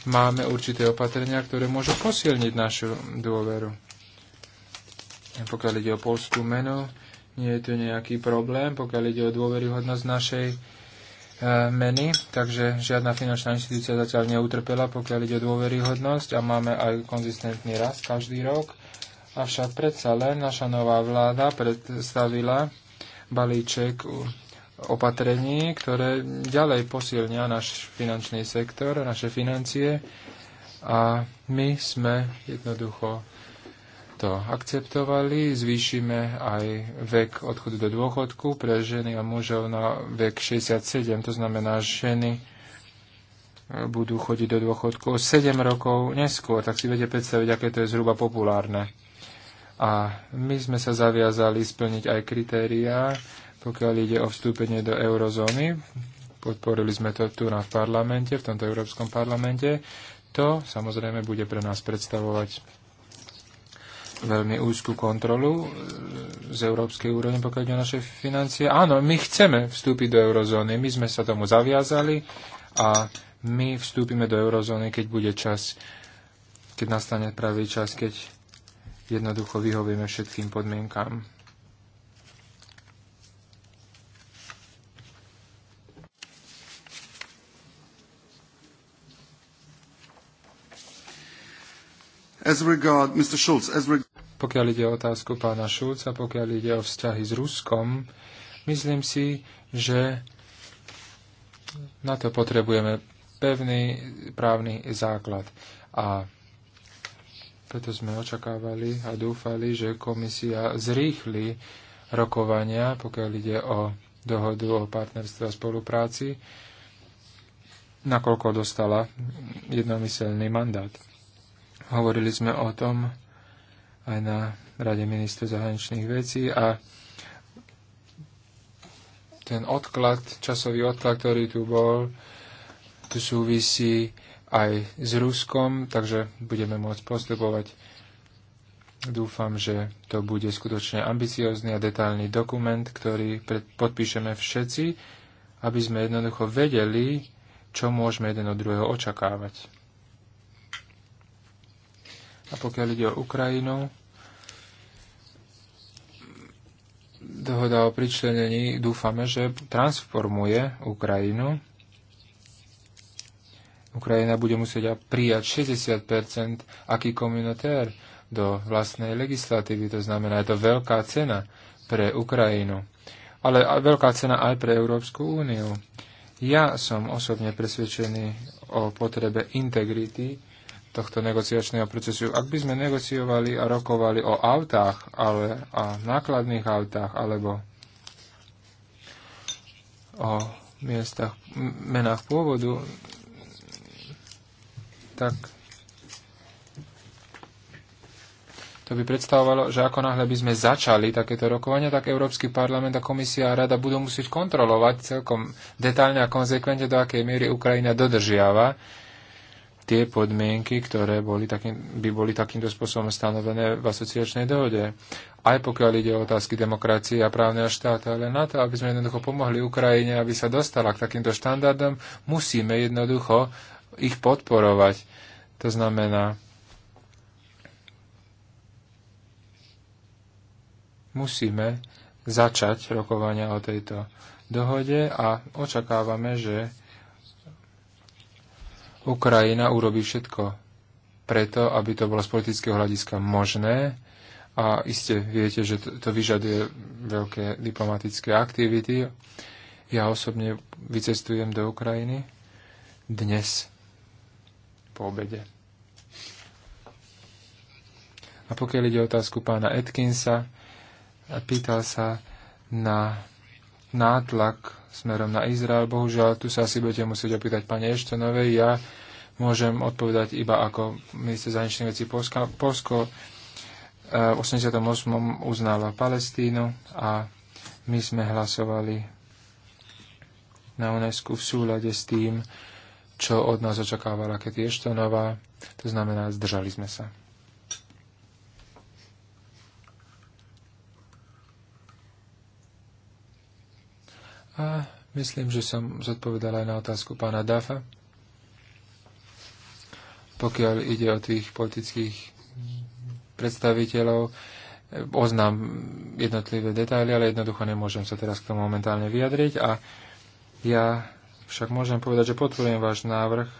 Speaker 4: máme určité opatrenia, ktoré môžu posilniť našu dôveru. Pokiaľ ide o polskú menu, nie je to nejaký problém, pokiaľ ide o dôveryhodnosť našej E, meny, takže žiadna finančná inštitúcia zatiaľ neutrpela, pokiaľ ide o dôveryhodnosť a máme aj konzistentný rast každý rok. Avšak predsa len naša nová vláda predstavila balíček opatrení, ktoré ďalej posilnia náš finančný sektor, naše financie a my sme jednoducho to akceptovali. Zvýšime aj vek odchodu do dôchodku pre ženy a mužov na vek 67. To znamená, že ženy budú chodiť do dôchodku o 7 rokov neskôr, tak si viete predstaviť, aké to je zhruba populárne. A my sme sa zaviazali splniť aj kritériá, pokiaľ ide o vstúpenie do eurozóny. Podporili sme to tu na v parlamente, v tomto Európskom parlamente. To samozrejme bude pre nás predstavovať veľmi úzkú kontrolu e, z európskej úrovne, pokiaľ o naše financie. Áno, my chceme vstúpiť do eurozóny, my sme sa tomu zaviazali a my vstúpime do eurozóny, keď bude čas, keď nastane pravý čas, keď jednoducho vyhovieme všetkým podmienkám. As regard, Mr. Schulz, as regard... Pokiaľ ide o otázku pána Šulca, pokiaľ ide o vzťahy s Ruskom, myslím si, že na to potrebujeme pevný právny základ. A preto sme očakávali a dúfali, že komisia zrýchli rokovania, pokiaľ ide o dohodu o partnerstve a spolupráci, nakoľko dostala jednomyselný mandát. Hovorili sme o tom, aj na Rade ministrov zahraničných vecí a ten odklad, časový odklad, ktorý tu bol, tu súvisí aj s Ruskom, takže budeme môcť postupovať. Dúfam, že to bude skutočne ambiciózny a detailný dokument, ktorý podpíšeme všetci, aby sme jednoducho vedeli, čo môžeme jeden od druhého očakávať. A pokiaľ ide o Ukrajinu, dohoda o pričlenení dúfame, že transformuje Ukrajinu. Ukrajina bude musieť prijať 60 aký komunitér do vlastnej legislatívy. To znamená, je to veľká cena pre Ukrajinu, ale veľká cena aj pre Európsku úniu. Ja som osobne presvedčený o potrebe integrity tohto negociačného procesu. Ak by sme negociovali a rokovali o autách, ale a nákladných autách, alebo o miestach, menách pôvodu, tak to by predstavovalo, že ako náhle by sme začali takéto rokovania, tak Európsky parlament a komisia a rada budú musieť kontrolovať celkom detálne a konzekventne, do akej miery Ukrajina dodržiava tie podmienky, ktoré boli takým, by boli takýmto spôsobom stanovené v asociačnej dohode. Aj pokiaľ ide o otázky demokracie a právneho štátu, ale na to, aby sme jednoducho pomohli Ukrajine, aby sa dostala k takýmto štandardom, musíme jednoducho ich podporovať. To znamená, musíme začať rokovania o tejto dohode a očakávame, že Ukrajina urobí všetko preto, aby to bolo z politického hľadiska možné. A iste viete, že to, to vyžaduje veľké diplomatické aktivity. Ja osobne vycestujem do Ukrajiny dnes po obede. A pokiaľ ide o otázku pána Atkinsa, pýtal sa na nátlak smerom na Izrael. Bohužiaľ, tu sa asi budete musieť opýtať pani Eštenovej. Ja môžem odpovedať iba ako minister zahraničných vecí Polska. Polsko eh, v 88. uznáva Palestínu a my sme hlasovali na UNESCO v súlade s tým, čo od nás očakávala Kety Eštonová. To znamená, zdržali sme sa. A myslím, že som zodpovedala aj na otázku pána Dafa. Pokiaľ ide o tých politických predstaviteľov, oznám jednotlivé detaily, ale jednoducho nemôžem sa teraz k tomu momentálne vyjadriť. A ja však môžem povedať, že podporujem váš návrh,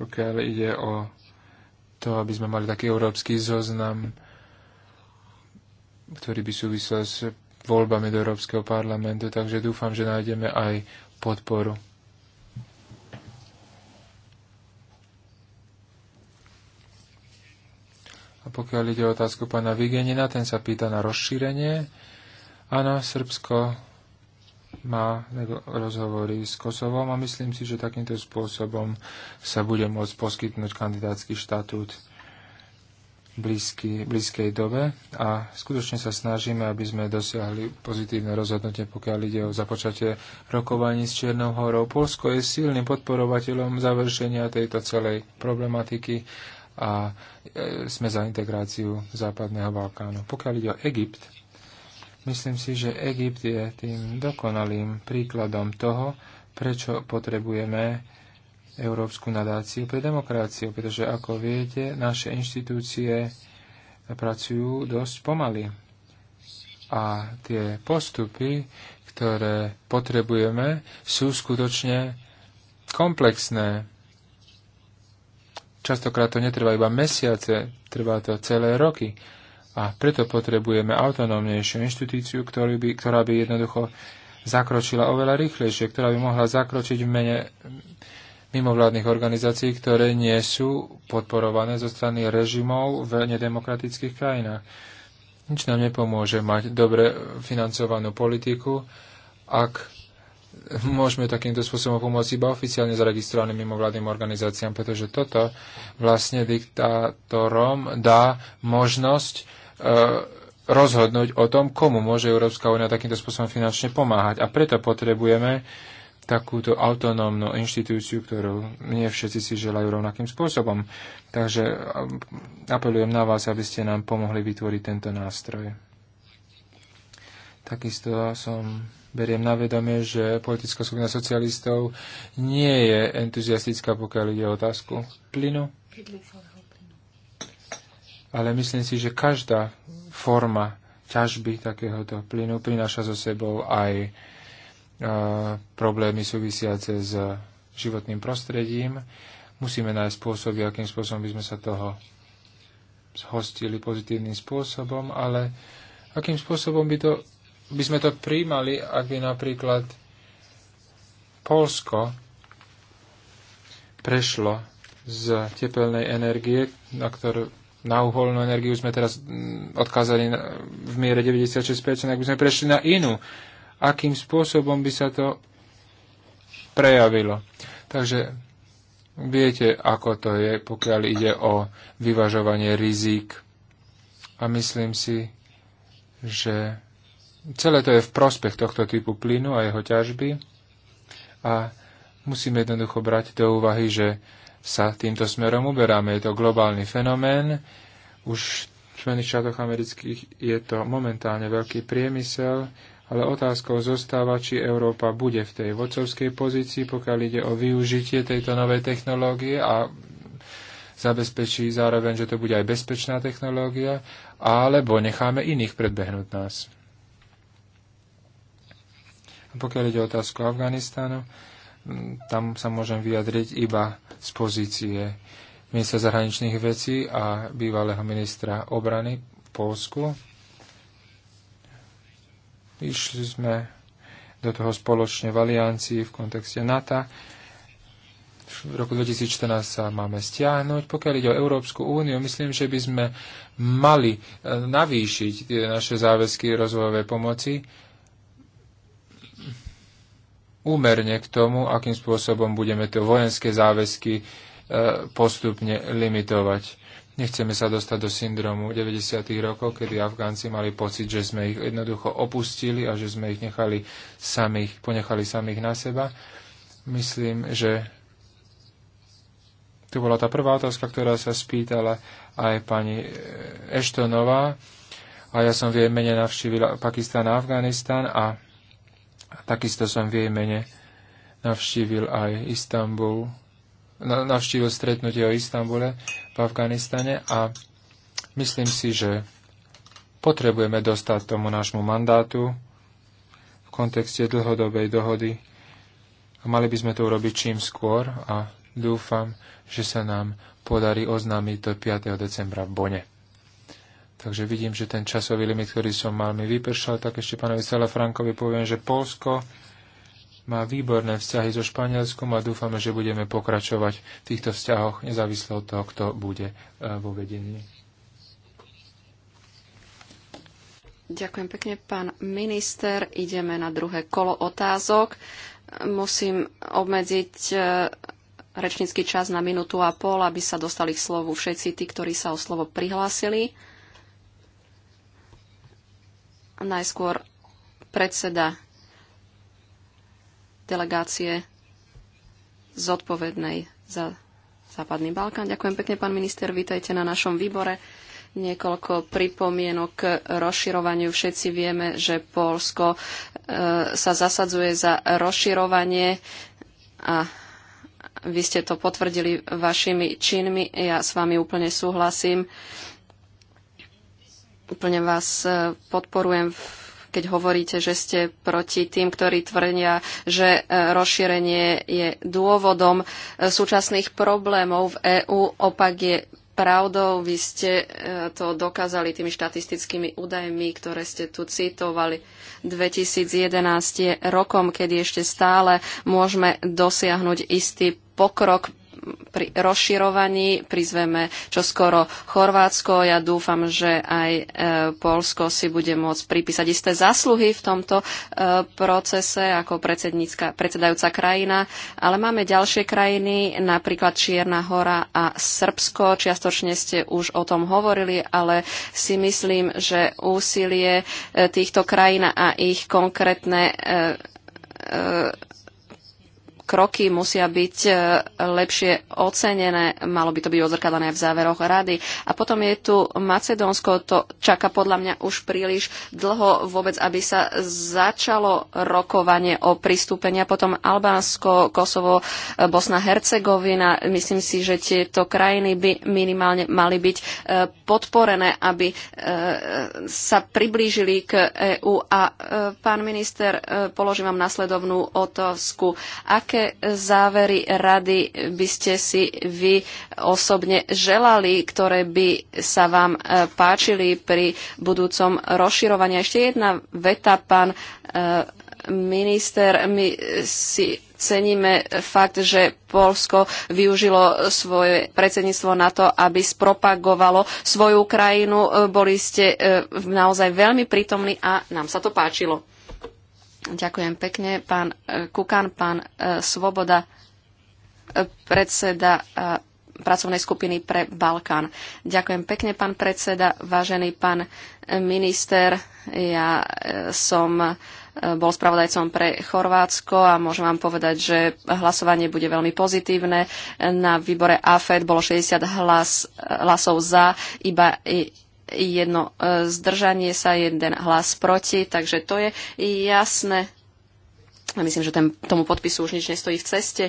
Speaker 4: pokiaľ ide o to, aby sme mali taký európsky zoznam ktorý by súvisel s voľbami do Európskeho parlamentu, takže dúfam, že nájdeme aj podporu. A pokiaľ ide o otázku pána Vigenina, ten sa pýta na rozšírenie. Áno, Srbsko má rozhovory s Kosovom a myslím si, že takýmto spôsobom sa bude môcť poskytnúť kandidátsky štatút blízky, blízkej dobe a skutočne sa snažíme, aby sme dosiahli pozitívne rozhodnutie, pokiaľ ide o započatie rokovaní s Čiernou horou. Polsko je silným podporovateľom završenia tejto celej problematiky a e, sme za integráciu Západného Balkánu. Pokiaľ ide o Egypt, myslím si, že Egypt je tým dokonalým príkladom toho, prečo potrebujeme Európsku nadáciu pre demokraciu, pretože ako viete, naše inštitúcie pracujú dosť pomaly. A tie postupy, ktoré potrebujeme, sú skutočne komplexné. Častokrát to netrvá iba mesiace, trvá to celé roky. A preto potrebujeme autonómnejšiu inštitúciu, ktorý by, ktorá by jednoducho zakročila oveľa rýchlejšie, ktorá by mohla zakročiť v mene mimovládnych organizácií, ktoré nie sú podporované zo strany režimov v nedemokratických krajinách. Nič nám nepomôže mať dobre financovanú politiku, ak môžeme takýmto spôsobom pomôcť iba oficiálne zaregistrovaným mimovládnym organizáciám, pretože toto vlastne diktátorom dá možnosť e, rozhodnúť o tom, komu môže Európska únia takýmto spôsobom finančne pomáhať. A preto potrebujeme takúto autonómnu inštitúciu, ktorú nie všetci si želajú rovnakým spôsobom. Takže eh, apelujem na vás, aby ste nám pomohli vytvoriť tento nástroj. Takisto som beriem na vedomie, že politická skupina socialistov nie je entuziastická, pokiaľ ide o otázku plynu. Ale myslím si, že každá forma ťažby takéhoto plynu prináša so sebou aj uh, problémy súvisiace s životným prostredím. Musíme nájsť spôsoby, akým spôsobom by sme sa toho zhostili pozitívnym spôsobom, ale akým spôsobom by, to, by sme to príjmali, ak by napríklad Polsko prešlo z tepelnej energie, na ktorú na uholnú energiu sme teraz mm, odkázali v miere 96%, ak by sme prešli na inú akým spôsobom by sa to prejavilo. Takže viete, ako to je, pokiaľ ide o vyvažovanie rizík. A myslím si, že celé to je v prospech tohto typu plynu a jeho ťažby. A musíme jednoducho brať do úvahy, že sa týmto smerom uberáme. Je to globálny fenomén. Už v Spojených štátoch amerických je to momentálne veľký priemysel, ale otázkou zostáva, či Európa bude v tej vodcovskej pozícii, pokiaľ ide o využitie tejto novej technológie a zabezpečí zároveň, že to bude aj bezpečná technológia, alebo necháme iných predbehnúť nás. A pokiaľ ide o otázku Afganistánu, tam sa môžem vyjadriť iba z pozície ministra zahraničných vecí a bývalého ministra obrany v Polsku. Išli sme do toho spoločne v aliancii v kontexte NATO. V roku 2014 sa máme stiahnuť. Pokiaľ ide o Európsku úniu, myslím, že by sme mali e, navýšiť tie naše záväzky rozvojovej pomoci úmerne k tomu, akým spôsobom budeme tie vojenské záväzky e, postupne limitovať. Nechceme sa dostať do syndromu 90. rokov, kedy Afgánci mali pocit, že sme ich jednoducho opustili a že sme ich nechali samých, ponechali samých na seba. Myslím, že to bola tá prvá otázka, ktorá sa spýtala aj pani Eštonová. A ja som v jej mene navštívil Pakistan a Afganistan a takisto som v jej mene navštívil aj Istanbul navštívil stretnutie o Istambule v Afganistane a myslím si, že potrebujeme dostať tomu nášmu mandátu v kontexte dlhodobej dohody a mali by sme to urobiť čím skôr a dúfam, že sa nám podarí oznámiť to 5. decembra v Bone. Takže vidím, že ten časový limit, ktorý som mal, mi vypršal, tak ešte pánovi Frankovi poviem, že Polsko má výborné vzťahy so Španielskom a dúfame, že budeme pokračovať v týchto vzťahoch nezávisle od toho, kto bude e, vo vedení.
Speaker 2: Ďakujem pekne, pán minister. Ideme na druhé kolo otázok. Musím obmedziť e, rečnícky čas na minútu a pol, aby sa dostali k slovu všetci tí, ktorí sa o slovo prihlásili. Najskôr predseda delegácie zodpovednej za Západný Balkán. Ďakujem pekne, pán minister, vítajte na našom výbore. Niekoľko pripomienok k rozširovaniu. Všetci vieme, že Polsko e, sa zasadzuje za rozširovanie a vy ste to potvrdili vašimi činmi. Ja s vami úplne súhlasím. Úplne vás e, podporujem v keď hovoríte, že ste proti tým, ktorí tvrdia, že e, rozšírenie je dôvodom e, súčasných problémov v EÚ. Opak je pravdou. Vy ste e, to dokázali tými štatistickými údajmi, ktoré ste tu citovali. 2011 je rokom, kedy ešte stále môžeme dosiahnuť istý pokrok pri rozširovaní. Prizveme čoskoro Chorvátsko. Ja dúfam, že aj e, Polsko si bude môcť pripísať isté zásluhy v tomto e, procese ako predsedajúca krajina. Ale máme ďalšie krajiny, napríklad Čierna hora a Srbsko. Čiastočne ste už o tom hovorili, ale si myslím, že úsilie e, týchto krajín a ich konkrétne kroky musia byť e, lepšie ocenené, malo by to byť odzrkadané v záveroch rady. A potom je tu Macedónsko, to čaká podľa mňa už príliš dlho vôbec, aby sa začalo rokovanie o pristúpenia. Potom Albánsko, Kosovo, e, Bosna, Hercegovina. Myslím si, že tieto krajiny by minimálne mali byť e, podporené, aby sa priblížili k EÚ. A pán minister, položím vám nasledovnú otázku. Aké aké závery rady by ste si vy osobne želali, ktoré by sa vám e, páčili pri budúcom rozširovaní. Ešte jedna veta, pán e, minister, my si ceníme fakt, že Polsko využilo svoje predsedníctvo na to, aby spropagovalo svoju krajinu. E, boli ste naozaj veľmi prítomní a nám sa to páčilo. Ďakujem pekne. Pán e, Kukan, pán e, Svoboda, e, predseda pracovnej skupiny pre Balkán. Ďakujem pekne, pán predseda, vážený pán minister. Ja som bol spravodajcom pre Chorvátsko a môžem vám povedať, že hlasovanie bude veľmi pozitívne. Na výbore AFED bolo 60 hlas, hlasov za, iba jedno e, zdržanie sa, jeden hlas proti, takže to je jasné. Myslím, že ten, tomu podpisu už nič nestojí v ceste.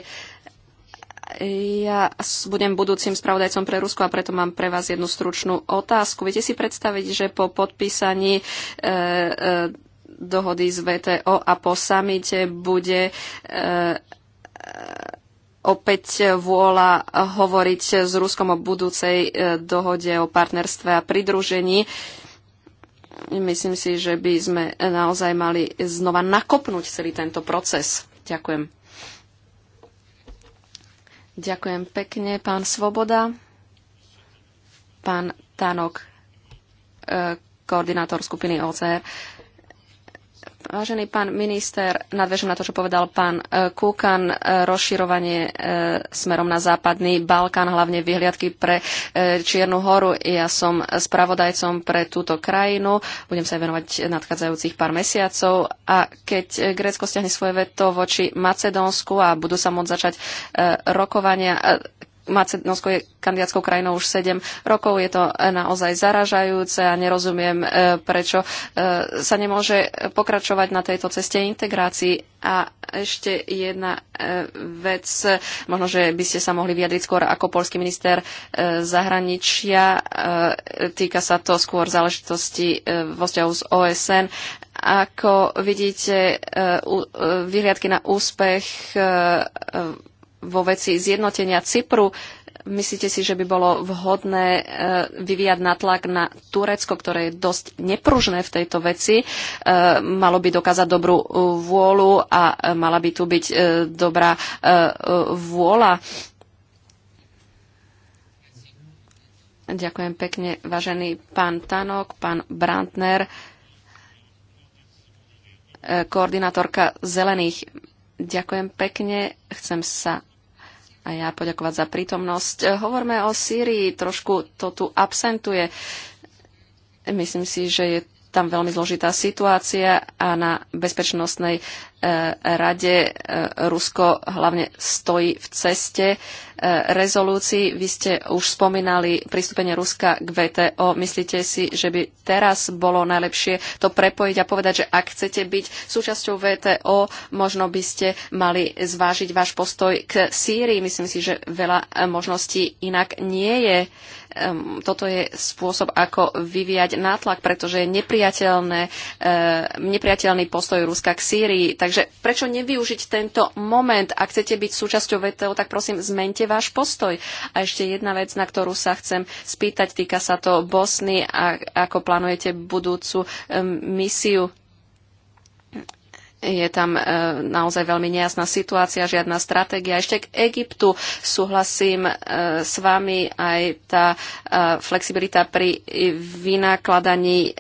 Speaker 2: Ja budem budúcim spravodajcom pre Rusko a preto mám pre vás jednu stručnú otázku. Viete si predstaviť, že po podpísaní e, e, dohody z VTO a po samite bude e, e opäť vôľa hovoriť s Ruskom o budúcej e, dohode o partnerstve a pridružení. Myslím si, že by sme naozaj mali znova nakopnúť celý tento proces. Ďakujem. Ďakujem pekne, pán Svoboda. Pán Tanok, e, koordinátor skupiny OCR. Vážený pán minister, nadviežem na to, čo povedal pán e, Kúkan, e, rozširovanie e, smerom na západný Balkán, hlavne vyhliadky pre Čiernu horu. Ja som spravodajcom pre túto krajinu, budem sa venovať nadchádzajúcich pár mesiacov a keď Grécko stiahne svoje veto voči Macedónsku a budú sa môcť začať rokovania, Macedónsko je kandidátskou krajinou už 7 rokov, je to naozaj zaražajúce a nerozumiem, e, prečo e, sa nemôže pokračovať na tejto ceste integrácii. A ešte jedna e, vec, možno, že by ste sa mohli vyjadriť skôr ako polský minister zahraničia. Týka sa to skôr záležitosti vo vzťahu z OSN. Ako vidíte vyhliadky na úspech vo veci zjednotenia Cypru. Myslíte si, že by bolo vhodné e, vyvíjať natlak na Turecko, ktoré je dosť nepružné v tejto veci? E, malo by dokázať dobrú e, vôľu a mala by tu byť dobrá vôľa. Ďakujem pekne, vážený pán Tanok, pán Brantner, koordinátorka Zelených. Ďakujem pekne. Chcem sa a ja poďakovať za prítomnosť. Eh, hovorme o Sýrii, trošku to tu absentuje. Myslím si, že je tam veľmi zložitá situácia a na bezpečnostnej rade e, Rusko hlavne stojí v ceste e, rezolúcii. Vy ste už spomínali pristúpenie Ruska k VTO. Myslíte si, že by teraz bolo najlepšie to prepojiť a povedať, že ak chcete byť súčasťou VTO, možno by ste mali zvážiť váš postoj k Sýrii. Myslím si, že veľa e, možností inak nie je toto je spôsob, ako vyvíjať nátlak, pretože je nepriateľné, nepriateľný postoj Ruska k Sýrii. Takže Takže prečo nevyužiť tento moment? Ak chcete byť súčasťou VTO, tak prosím, zmente váš postoj. A ešte jedna vec, na ktorú sa chcem spýtať, týka sa to Bosny a ako plánujete budúcu misiu je tam e, naozaj veľmi nejasná situácia, žiadna stratégia. Ešte k Egyptu súhlasím e, s vami aj tá e, flexibilita pri vynakladaní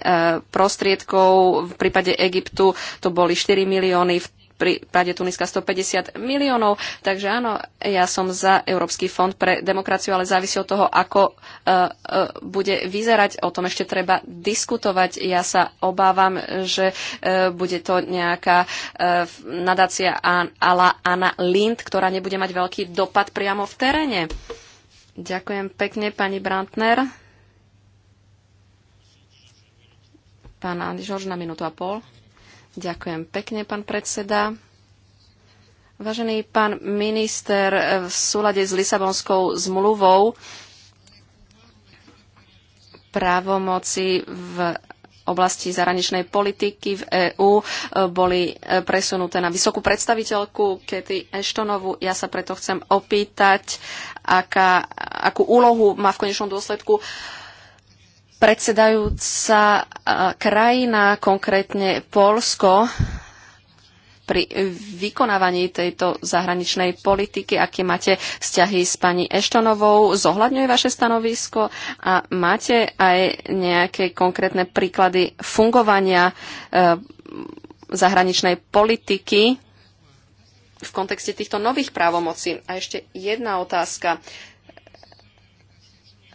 Speaker 2: prostriedkov. V prípade Egyptu to boli 4 milióny v prípade Tuniska 150 miliónov. Takže áno, ja som za Európsky fond pre demokraciu, ale závisí od toho, ako uh, uh, bude vyzerať. O tom ešte treba diskutovať. Ja sa obávam, že uh, bude to nejaká uh, nadácia ala Anna Lind, ktorá nebude mať veľký dopad priamo v teréne. Ďakujem pekne, pani Brantner. Pán Andižorž na minútu a pol. Ďakujem pekne, pán predseda. Vážený pán minister, v súlade s Lisabonskou zmluvou právomoci v oblasti zahraničnej politiky v EÚ e, boli e, presunuté na vysokú predstaviteľku Kety Ashtonovu. Ja sa preto chcem opýtať, aká, akú úlohu má v konečnom dôsledku uh, predsedajúca krajina, konkrétne Polsko, pri vykonávaní tejto zahraničnej politiky, aké máte vzťahy s pani Eštonovou, zohľadňuje vaše stanovisko a máte aj nejaké konkrétne príklady fungovania e, zahraničnej politiky v kontexte týchto nových právomocí. A ešte jedna otázka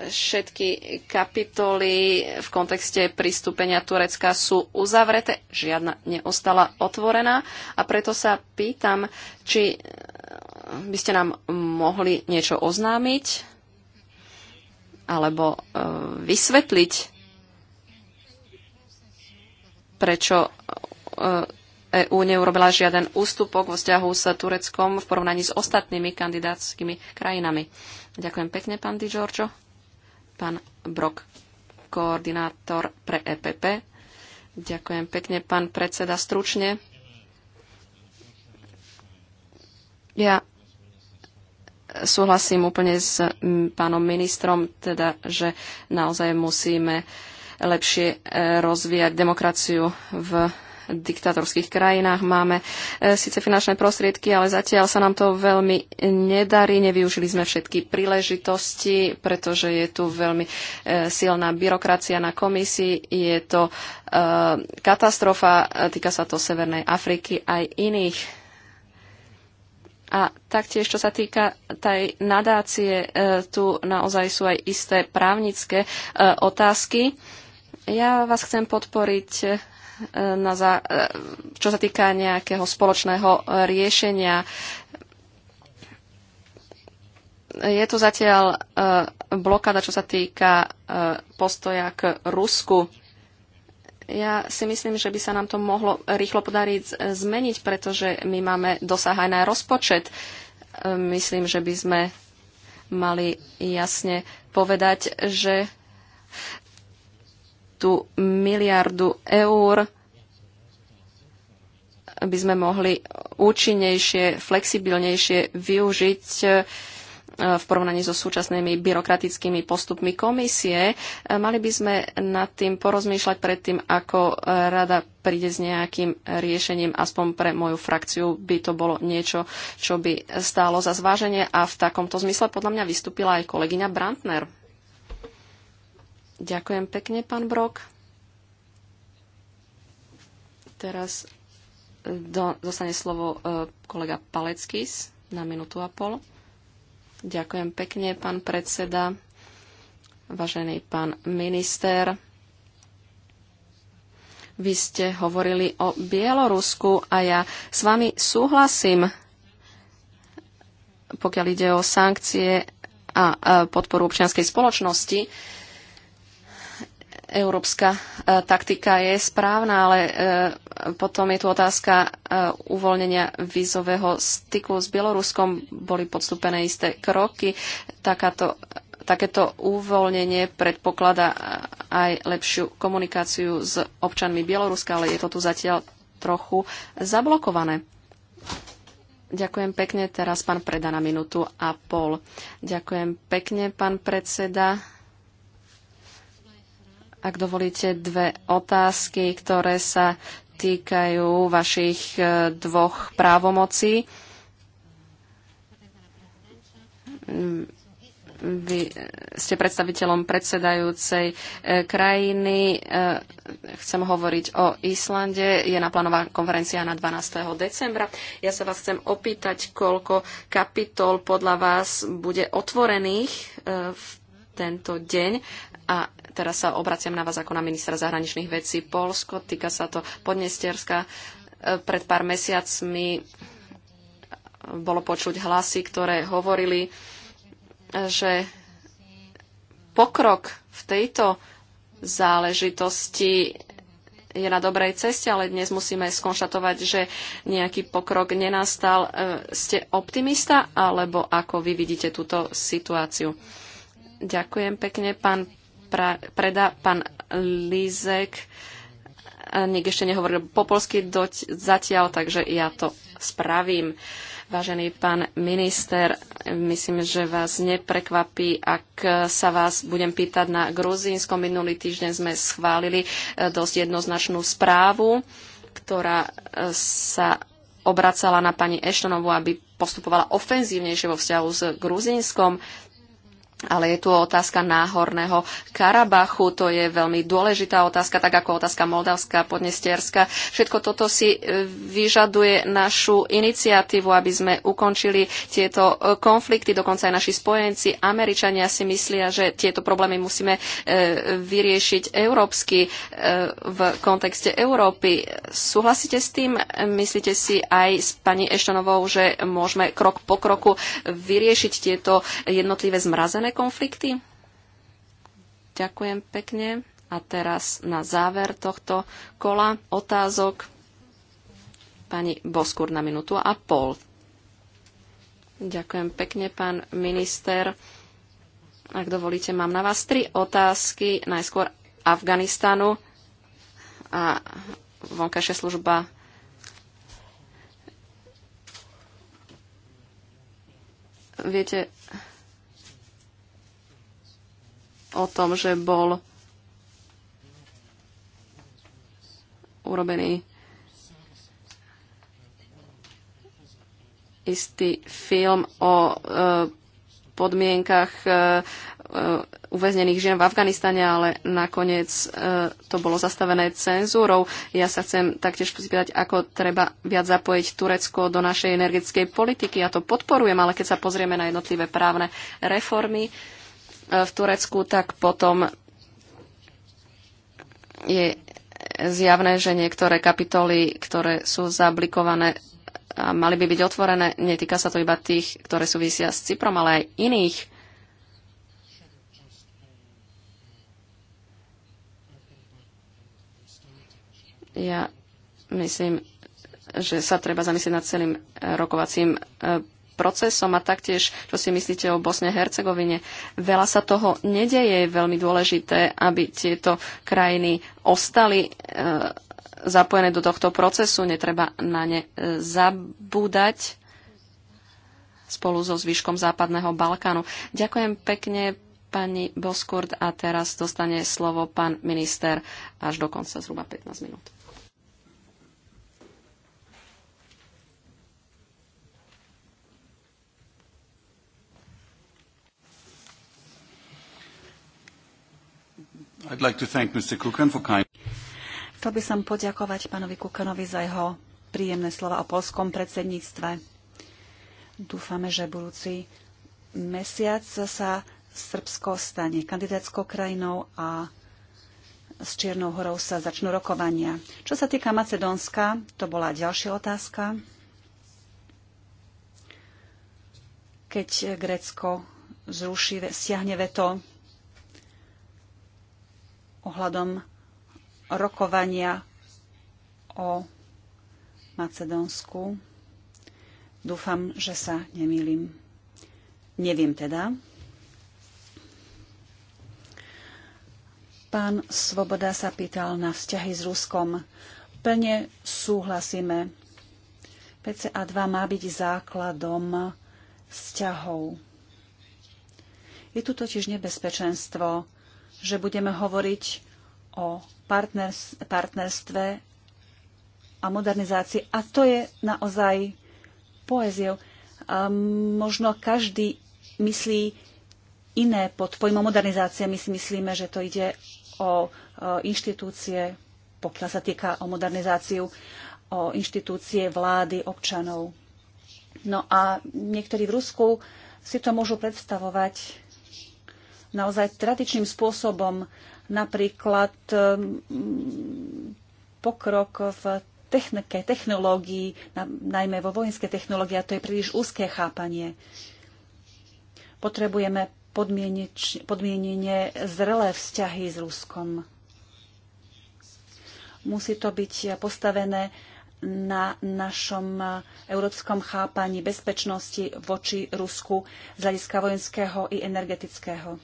Speaker 2: všetky kapitoly v kontexte pristúpenia Turecka sú uzavreté, žiadna neostala otvorená a preto sa pýtam, či by ste nám mohli niečo oznámiť alebo e, vysvetliť, prečo EÚ e neurobila žiaden ústupok vo vzťahu s Tureckom v porovnaní s ostatnými kandidátskymi krajinami. Ďakujem pekne, pán Di Giorgio pán Brok, koordinátor pre EPP. Ďakujem pekne, pán predseda, stručne. Ja súhlasím úplne s pánom ministrom, teda, že naozaj musíme lepšie e, rozvíjať demokraciu v diktatorských krajinách. Máme e, síce finančné prostriedky, ale zatiaľ sa nám to veľmi nedarí. Nevyužili sme všetky príležitosti, pretože je tu veľmi e, silná byrokracia na komisii. Je to e, katastrofa, týka sa to Severnej Afriky aj iných a taktiež, čo sa týka tej nadácie, tu naozaj sú aj isté právnické otázky. Ja vás chcem podporiť E, na za, e, čo sa týka nejakého spoločného riešenia. Je tu zatiaľ e, blokáda, čo sa týka postoja k Rusku. Ja si myslím, že by sa nám to mohlo rýchlo podariť zmeniť, pretože my máme dosah aj na rozpočet. Myslím, že by sme mali jasne povedať, že tú miliardu eur by sme mohli účinnejšie, flexibilnejšie využiť e, v porovnaní so súčasnými byrokratickými postupmi komisie. E, mali by sme nad tým porozmýšľať predtým, ako rada príde s nejakým riešením. Aspoň pre moju frakciu by to bolo niečo, čo by stálo za zváženie. A v takomto zmysle podľa mňa vystúpila aj kolegyňa Brantner. Ďakujem pekne, pán Brok. Teraz e, do, dostane slovo e, kolega Paleckis na minútu a pol. Ďakujem pekne, pán predseda, vážený pán minister. Vy ste hovorili o Bielorusku a ja s vami súhlasím, pokiaľ ide o sankcie a e, podporu občianskej spoločnosti európska e, taktika je správna, ale e, potom je tu otázka e, uvoľnenia vízového styku s Bieloruskom. Boli podstúpené isté kroky. Takáto, takéto uvoľnenie predpoklada aj lepšiu komunikáciu s občanmi Bieloruska, ale je to tu zatiaľ trochu zablokované. Ďakujem pekne. Teraz pán Preda na minútu a pol. Ďakujem pekne, pán predseda ak dovolíte dve otázky, ktoré sa týkajú vašich e, dvoch právomocí. Mm, vy e, ste predstaviteľom predsedajúcej e, krajiny. Chcem hovoriť o Islande. Je naplánovaná konferencia na 12. decembra. Ja sa vás chcem opýtať, koľko kapitol podľa vás bude otvorených v tento deň a teraz sa obraciam na vás ako na ministra zahraničných vecí Polsko. Týka sa to Podnestierska. E, pred pár mesiacmi bolo počuť hlasy, ktoré hovorili, že pokrok v tejto záležitosti je na dobrej ceste, ale dnes musíme skonštatovať, že nejaký pokrok nenastal. E, ste optimista, alebo ako vy vidíte túto situáciu? Ďakujem pekne, pán pra, predá pán Lízek. Nik ešte nehovoril po polsky doť, zatiaľ, takže ja to spravím. Vážený pán minister, myslím, že vás neprekvapí, ak sa vás budem pýtať na Gruzínsko. Minulý týždeň sme schválili e, dosť jednoznačnú správu, ktorá e, sa obracala na pani Eštonovu, aby postupovala ofenzívnejšie vo vzťahu s Gruzínskom. Ale je tu otázka náhorného Karabachu, to je veľmi dôležitá otázka, tak ako otázka Moldavská, Podnestierska. Všetko toto si e, vyžaduje našu iniciatívu, aby sme ukončili tieto e, konflikty. Dokonca aj naši spojenci, Američania si myslia, že tieto problémy musíme e, vyriešiť európsky v kontexte Európy. Súhlasíte s tým? Myslíte si aj s pani Eštonovou, že môžeme krok po kroku vyriešiť tieto jednotlivé zmrazené ozbrojené konflikty. Ďakujem pekne. A teraz na záver tohto kola otázok pani Boskur na minútu a pol. Ďakujem pekne, pán minister. Ak dovolíte, mám na vás tri otázky. Najskôr Afganistanu a vonkašia služba viete, o tom, že bol urobený istý film o e, podmienkach e, e, uväznených žien v Afganistane, ale nakoniec e, to bolo zastavené cenzúrou. Ja sa chcem taktiež spýtať, ako treba viac zapojiť Turecko do našej energetickej politiky. Ja to podporujem, ale keď sa pozrieme na jednotlivé právne reformy, e, v Turecku, tak potom je zjavné, že niektoré kapitoly, ktoré sú zablikované a mali by byť otvorené, netýka sa to iba tých, ktoré súvisia s Cyprom, ale aj iných. Ja myslím, že sa treba zamyslieť nad celým rokovacím eh, procesom a taktiež, čo si myslíte o Bosne Hercegovine. Veľa sa toho nedeje, je veľmi dôležité, aby tieto krajiny ostali e, zapojené do tohto procesu, netreba na ne e, zabúdať spolu so zvyškom Západného Balkánu. Ďakujem pekne pani Boskurt a teraz dostane slovo pán minister až do konca zhruba 15 minút.
Speaker 3: I'd like to thank Mr. Kukan for kind... Chcel by som poďakovať pánovi Kukanovi za jeho príjemné slova o polskom predsedníctve. Dúfame, že budúci mesiac sa Srbsko stane kandidátskou krajinou a s Čiernou horou sa začnú rokovania. Čo sa týka Macedónska, to bola ďalšia otázka. Keď Grécko zruší, stiahne veto ohľadom rokovania o Macedónsku. Dúfam, že sa nemýlim. Neviem teda. Pán Svoboda sa pýtal na vzťahy s Ruskom. Plne súhlasíme. PCA2 má byť základom vzťahov. Je tu totiž nebezpečenstvo, že budeme hovoriť o partners, partnerstve a modernizácii. A to je naozaj poéziou. možno každý myslí iné pod pojmom modernizácie. My si myslíme, že to ide o inštitúcie, pokiaľ sa týka o modernizáciu, o inštitúcie vlády, občanov. No a niektorí v Rusku si to môžu predstavovať naozaj tradičným spôsobom, napríklad um, pokrok v technike, technológii, najmä vo vojenské technológii, a to je príliš úzké chápanie. Potrebujeme podmienenie zrelé vzťahy s Ruskom. Musí to byť postavené na našom európskom chápaní bezpečnosti voči Rusku z hľadiska vojenského i energetického.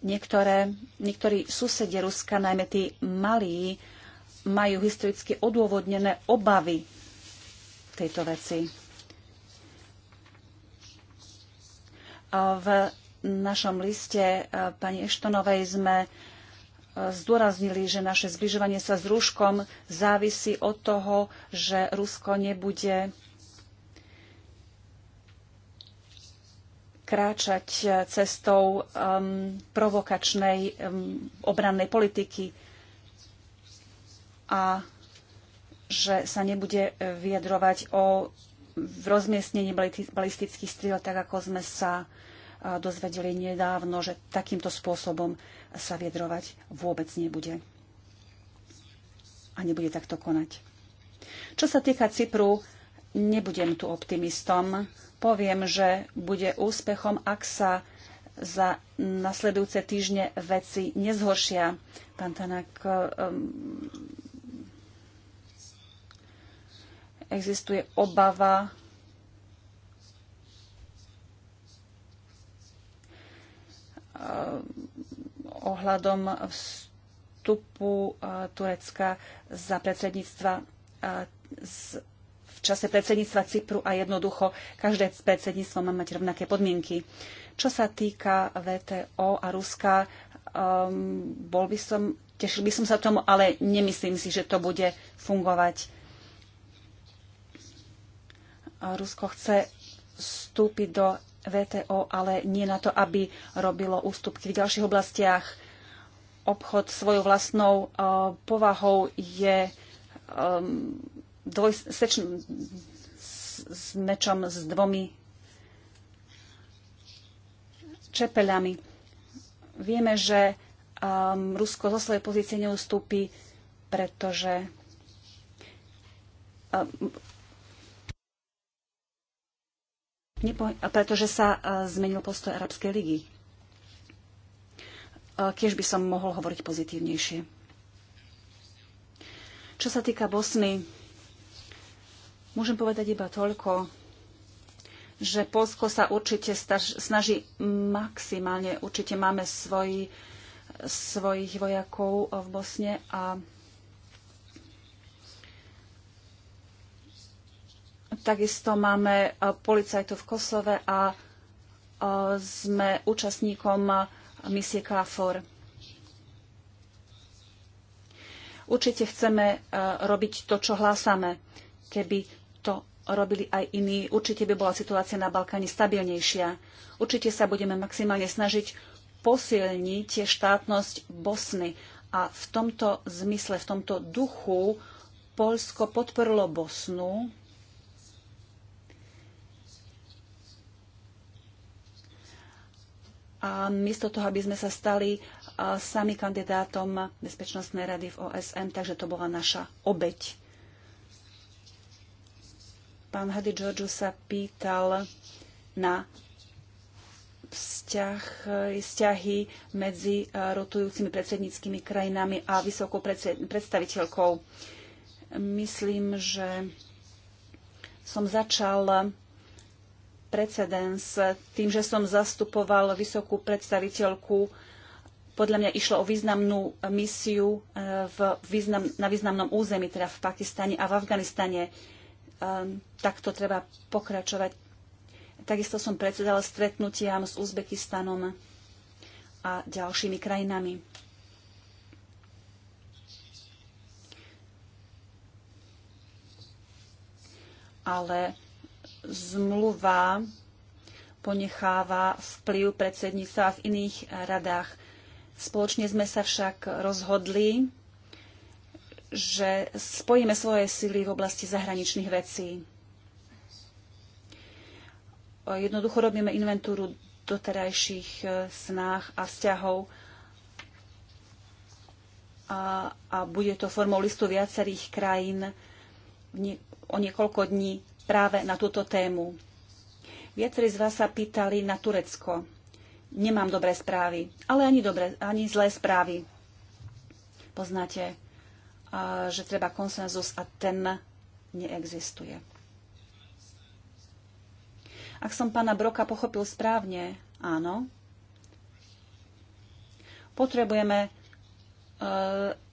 Speaker 3: Niektoré, niektorí susedia Ruska, najmä tí malí, majú historicky odôvodnené obavy tejto veci. A v našom liste e, pani Eštonovej sme e, zdôraznili, že naše zbližovanie sa s Ruskom závisí od toho, že Rusko nebude kráčať eh, cestou um, provokačnej um, obrannej politiky a že sa nebude eh, vyjadrovať o v rozmiestnení balistických striel, tak ako sme sa eh, dozvedeli nedávno, že takýmto spôsobom sa vyjadrovať vôbec nebude. A nebude takto konať. Čo sa týka Cypru, nebudem tu optimistom. Poviem, že bude úspechom, ak sa za nasledujúce týždne veci nezhoršia. Pán Tanak, um, existuje obava, uh, ohľadom vstupu uh, Turecka za predsedníctva uh, v čase predsedníctva Cypru a jednoducho každé predsedníctvo má mať rovnaké podmienky. Čo sa týka VTO a Ruska, um, bol by som, tešil by som sa tomu, ale nemyslím si, že to bude fungovať. Rusko chce vstúpiť do VTO, ale nie na to, aby robilo ústupky v ďalších oblastiach obchod svojou vlastnou uh, povahou je um, dvoj, seč, s mečom s dvomi čepeľami. Vieme, že um, Rusko zo svojej pozície neustúpi, pretože um, nepo, pretože sa uh, zmenil postoj Arabskej ligy. Uh, tiež by som mohol hovoriť pozitívnejšie. Čo sa týka Bosny, Môžem povedať iba toľko, že Polsko sa určite snaží maximálne. Určite máme svoji, svojich vojakov v Bosne a takisto máme e, policajtov v Kosove a e, sme účastníkom e, misie KFOR. Určite chceme robiť to, čo hlásame. Keby to robili aj iní, určite by bola situácia na Balkáne stabilnejšia. Určite sa budeme maximálne snažiť posilniť štátnosť Bosny. A v tomto zmysle, v tomto duchu Polsko podporilo Bosnu a miesto toho, aby sme sa stali sami kandidátom Bezpečnostnej rady v OSN, takže to bola naša obeď Pán Hadi Georgiou sa pýtal na vzťah, eh, vzťahy medzi eh, rotujúcimi predsedníckými krajinami a vysokou predstaviteľkou. Myslím, že som začal eh, precedens tým, že som zastupoval vysokú predstaviteľku podľa mňa išlo o významnú misiu v význam, na významnom území, teda v Pakistane a v Afganistane um, takto treba pokračovať. Takisto som predsedala stretnutiam s Uzbekistanom a ďalšími krajinami. Ale zmluva ponecháva vplyv predsedníctva v iných radách. Spoločne sme sa však rozhodli, že spojíme svoje sily v oblasti zahraničných vecí. Jednoducho robíme inventúru doterajších e, snách a vzťahov a, a bude to formou listu viacerých krajín o niekoľko dní práve na túto tému. Viacerí z vás sa pýtali na Turecko. Nemám dobré správy, ale ani, dobré, ani zlé správy. Poznáte že treba konsenzus a ten neexistuje. Ak som pána Broka pochopil správne, áno, potrebujeme e,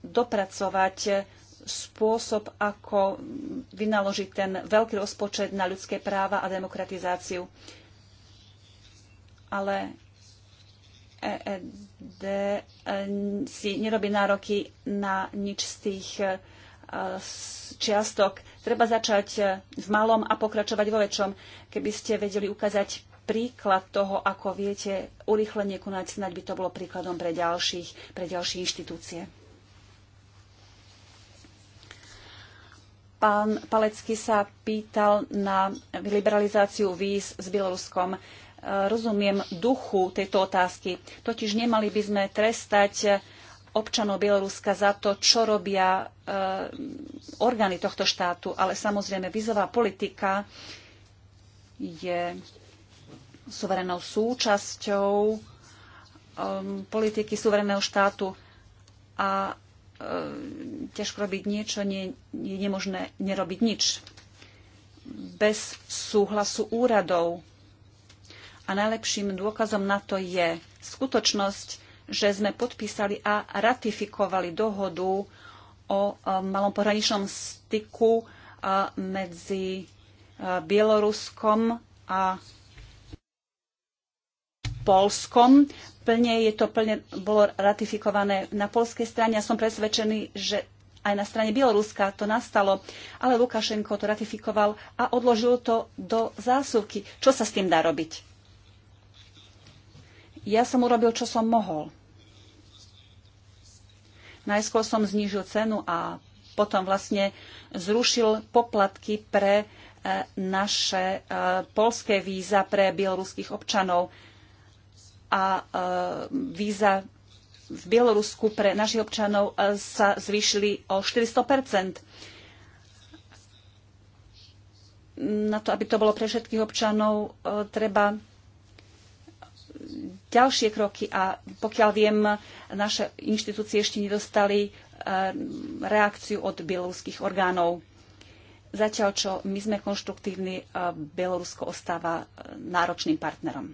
Speaker 3: dopracovať spôsob, ako vynaložiť ten veľký rozpočet na ľudské práva a demokratizáciu. Ale EED e, si nerobí nároky na nič z tých e, čiastok. Treba začať e, v malom a pokračovať vo väčšom. Keby ste vedeli ukázať príklad toho, ako viete urýchlenie konať, snáď by to bolo príkladom pre, ďalších, pre ďalšie inštitúcie. Pán Palecký sa pýtal na liberalizáciu víz s Bieloruskom rozumiem duchu tejto otázky. Totiž nemali by sme trestať občanov Bieloruska za to, čo robia e, orgány tohto štátu, ale samozrejme vizová politika je suverenou súčasťou e, politiky suvereného štátu a e, ťažko robiť niečo, nie, je nemožné nerobiť nič bez súhlasu úradov a najlepším dôkazom na to je skutočnosť, že sme podpísali a ratifikovali dohodu o e, malom pohraničnom styku e, medzi e, Bieloruskom a Polskom. Plne je to plne bolo ratifikované na polskej strane a som presvedčený, že aj na strane Bieloruska to nastalo, ale Lukašenko to ratifikoval a odložil to do zásuvky. Čo sa s tým dá robiť? Ja som urobil, čo som mohol. Najskôr som znížil cenu a potom vlastne zrušil poplatky pre e, naše e, polské víza pre bieloruských občanov a e, víza v Bielorusku pre našich občanov sa zvýšili o 400 Na to, aby to bolo pre všetkých občanov, treba ďalšie kroky a pokiaľ viem, naše inštitúcie ešte nedostali eh, reakciu od bieloruských orgánov. Zatiaľ, čo my sme konštruktívni, eh, Bielorusko ostáva eh, náročným partnerom.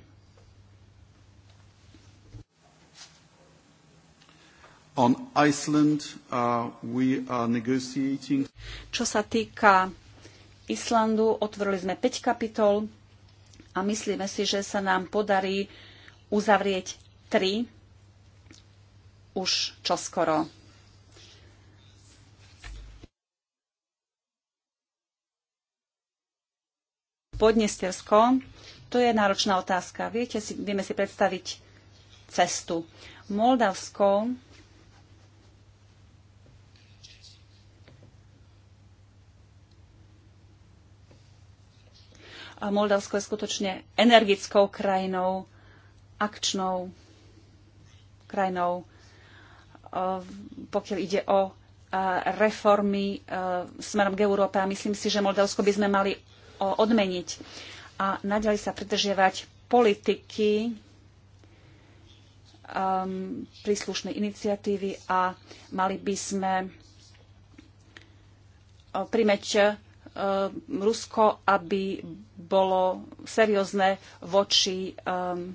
Speaker 3: Iceland, uh, negotiating... Čo sa týka Islandu, otvorili sme 5 kapitol a myslíme si, že sa nám podarí uzavrieť tri už čoskoro. Podnestersko, to je náročná otázka. Viete, si, vieme si predstaviť cestu. Moldavsko a Moldavsko je skutočne energickou krajinou, akčnou krajinou, e, pokiaľ ide o e, reformy e, smerom k Európe a myslím si, že Moldavsko by sme mali odmeniť a naďalej sa pridržiavať politiky um, príslušnej iniciatívy a mali by sme primeť Rusko, aby bolo seriózne voči um,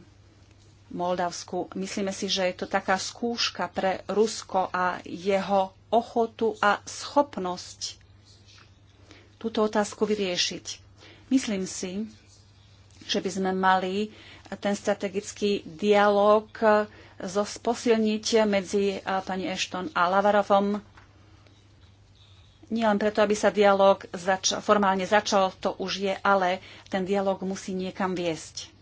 Speaker 3: Moldavsku. Myslíme si, že je to taká skúška pre Rusko a jeho ochotu a schopnosť túto otázku vyriešiť. Myslím si, že by sme mali ten strategický dialog eh, posilniť medzi eh, pani Ashton a Lavarovom. Nielen preto, aby sa dialog zač- formálne začal, to už je, ale ten dialog musí niekam viesť.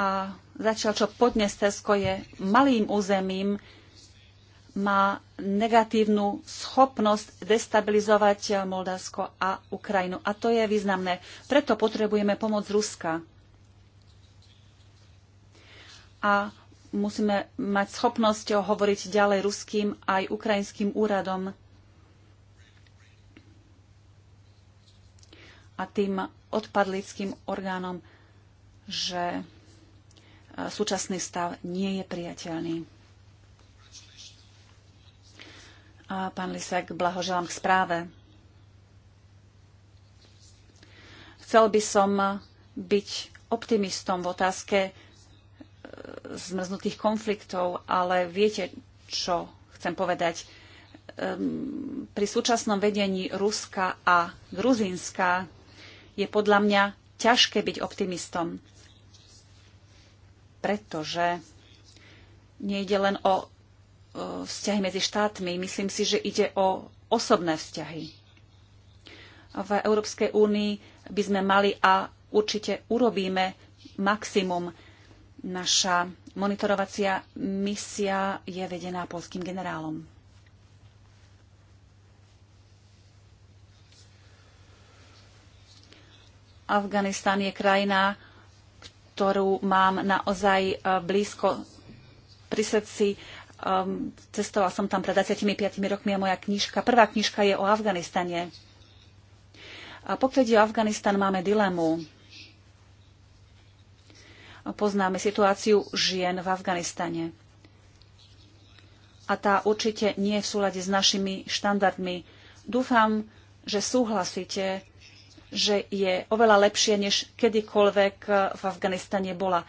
Speaker 3: a zatiaľ čo Podnestersko je malým územím, má negatívnu schopnosť destabilizovať Moldavsko a Ukrajinu. A to je významné. Preto potrebujeme pomoc Ruska. A musíme mať schopnosť hovoriť ďalej ruským aj ukrajinským úradom. A tým odpadlickým orgánom, že súčasný stav nie je priateľný. A pán Lisek, blahoželám k správe. Chcel by som byť optimistom v otázke e, zmrznutých konfliktov, ale viete, čo chcem povedať. E, pri súčasnom vedení Ruska a Gruzínska je podľa mňa ťažké byť optimistom pretože nejde len o e, vzťahy medzi štátmi. Myslím si, že ide o osobné vzťahy. V Európskej únii by sme mali a určite urobíme maximum. Naša monitorovacia misia je vedená polským generálom. Afganistan je krajina, ktorú mám naozaj e, blízko pri srdci. E, Cestovala som tam pred 25 rokmi a moja knižka, prvá knižka je o Afganistane. A pokiaľ ide o Afganistan, máme dilemu. Poznáme situáciu žien v Afganistane. A tá určite nie je v súlade s našimi štandardmi. Dúfam, že súhlasíte že je oveľa lepšie, než kedykoľvek eh, v Afganistane bola.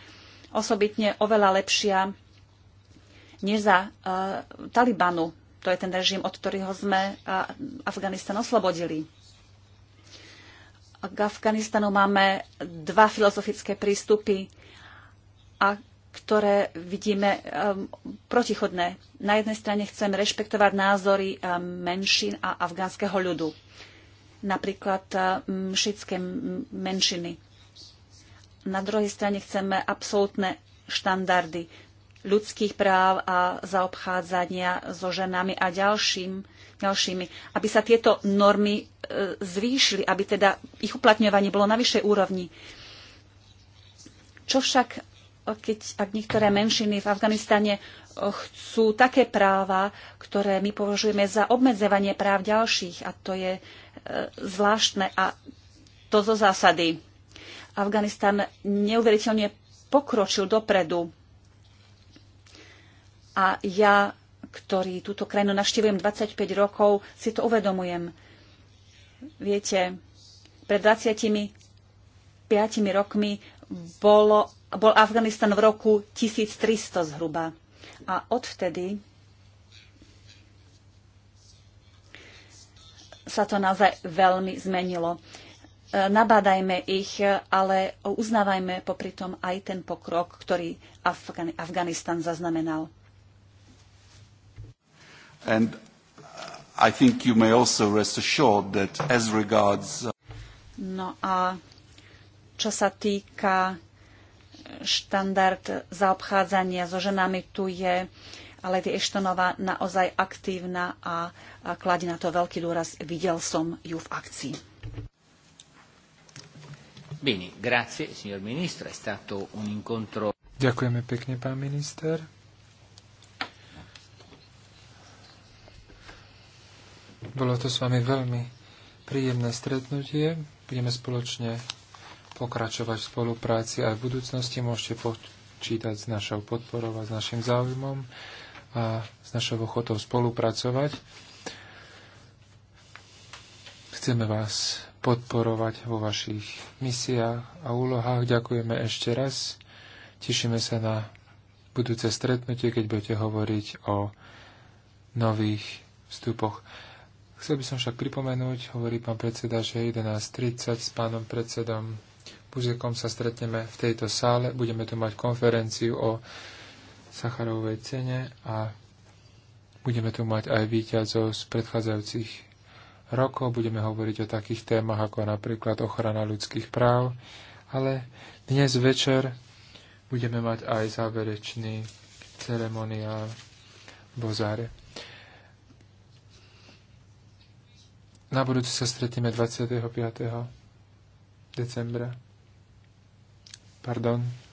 Speaker 3: Osobitne oveľa lepšia než za uh, Talibanu. To je ten režim, od ktorého sme uh, Afganistan oslobodili. K Afganistanu máme dva filozofické prístupy, a ktoré vidíme um, protichodné. Na jednej strane chcem rešpektovať názory um, menšín a afgánskeho ľudu napríklad šítske menšiny. Na druhej strane chceme absolútne štandardy ľudských práv a zaobchádzania so ženami a ďalším, ďalšími, aby sa tieto normy e, zvýšili, aby teda ich uplatňovanie bolo na vyššej úrovni. Čo však, e, keď, ak niektoré menšiny v Afganistane e, chcú také práva, ktoré my považujeme za obmedzovanie práv ďalších, a to je zvláštne a to zo zásady. Afganistan neuveriteľne pokročil dopredu. A ja, ktorý túto krajinu navštívujem 25 rokov, si to uvedomujem. Viete, pred 25 rokmi bolo, bol Afganistan v roku 1300 zhruba. A odvtedy sa to naozaj veľmi zmenilo. E, nabádajme ich, ale uznávajme popri tom aj ten pokrok, ktorý Afgan- Afganistan zaznamenal. And I think you may also rest assured that as regards... Uh, no a čo sa týka štandard zaobchádzania so ženami, tu je uh, Lady eštonová naozaj aktívna a kladie na to veľký dôraz. Videl som ju v akcii.
Speaker 1: Bene, grazie, signor ministro. È stato un incontro...
Speaker 4: Ďakujeme pekne, pán minister. Bolo to s vami veľmi príjemné stretnutie. Budeme spoločne pokračovať v spolupráci aj v budúcnosti. Môžete počítať s našou podporou a s našim záujmom a s našou ochotou spolupracovať. Chceme vás podporovať vo vašich misiách a úlohách. Ďakujeme ešte raz. Tešíme sa na budúce stretnutie, keď budete hovoriť o nových vstupoch. Chcel by som však pripomenúť, hovorí pán predseda, že 11.30 s pánom predsedom Buzekom sa stretneme v tejto sále. Budeme tu mať konferenciu o Sacharovej cene a budeme tu mať aj výťazov z predchádzajúcich rokov. Budeme hovoriť o takých témach ako napríklad ochrana ľudských práv, ale dnes večer budeme mať aj záverečný ceremoniál Bozare. Na budúci sa stretneme 25. decembra. Pardon.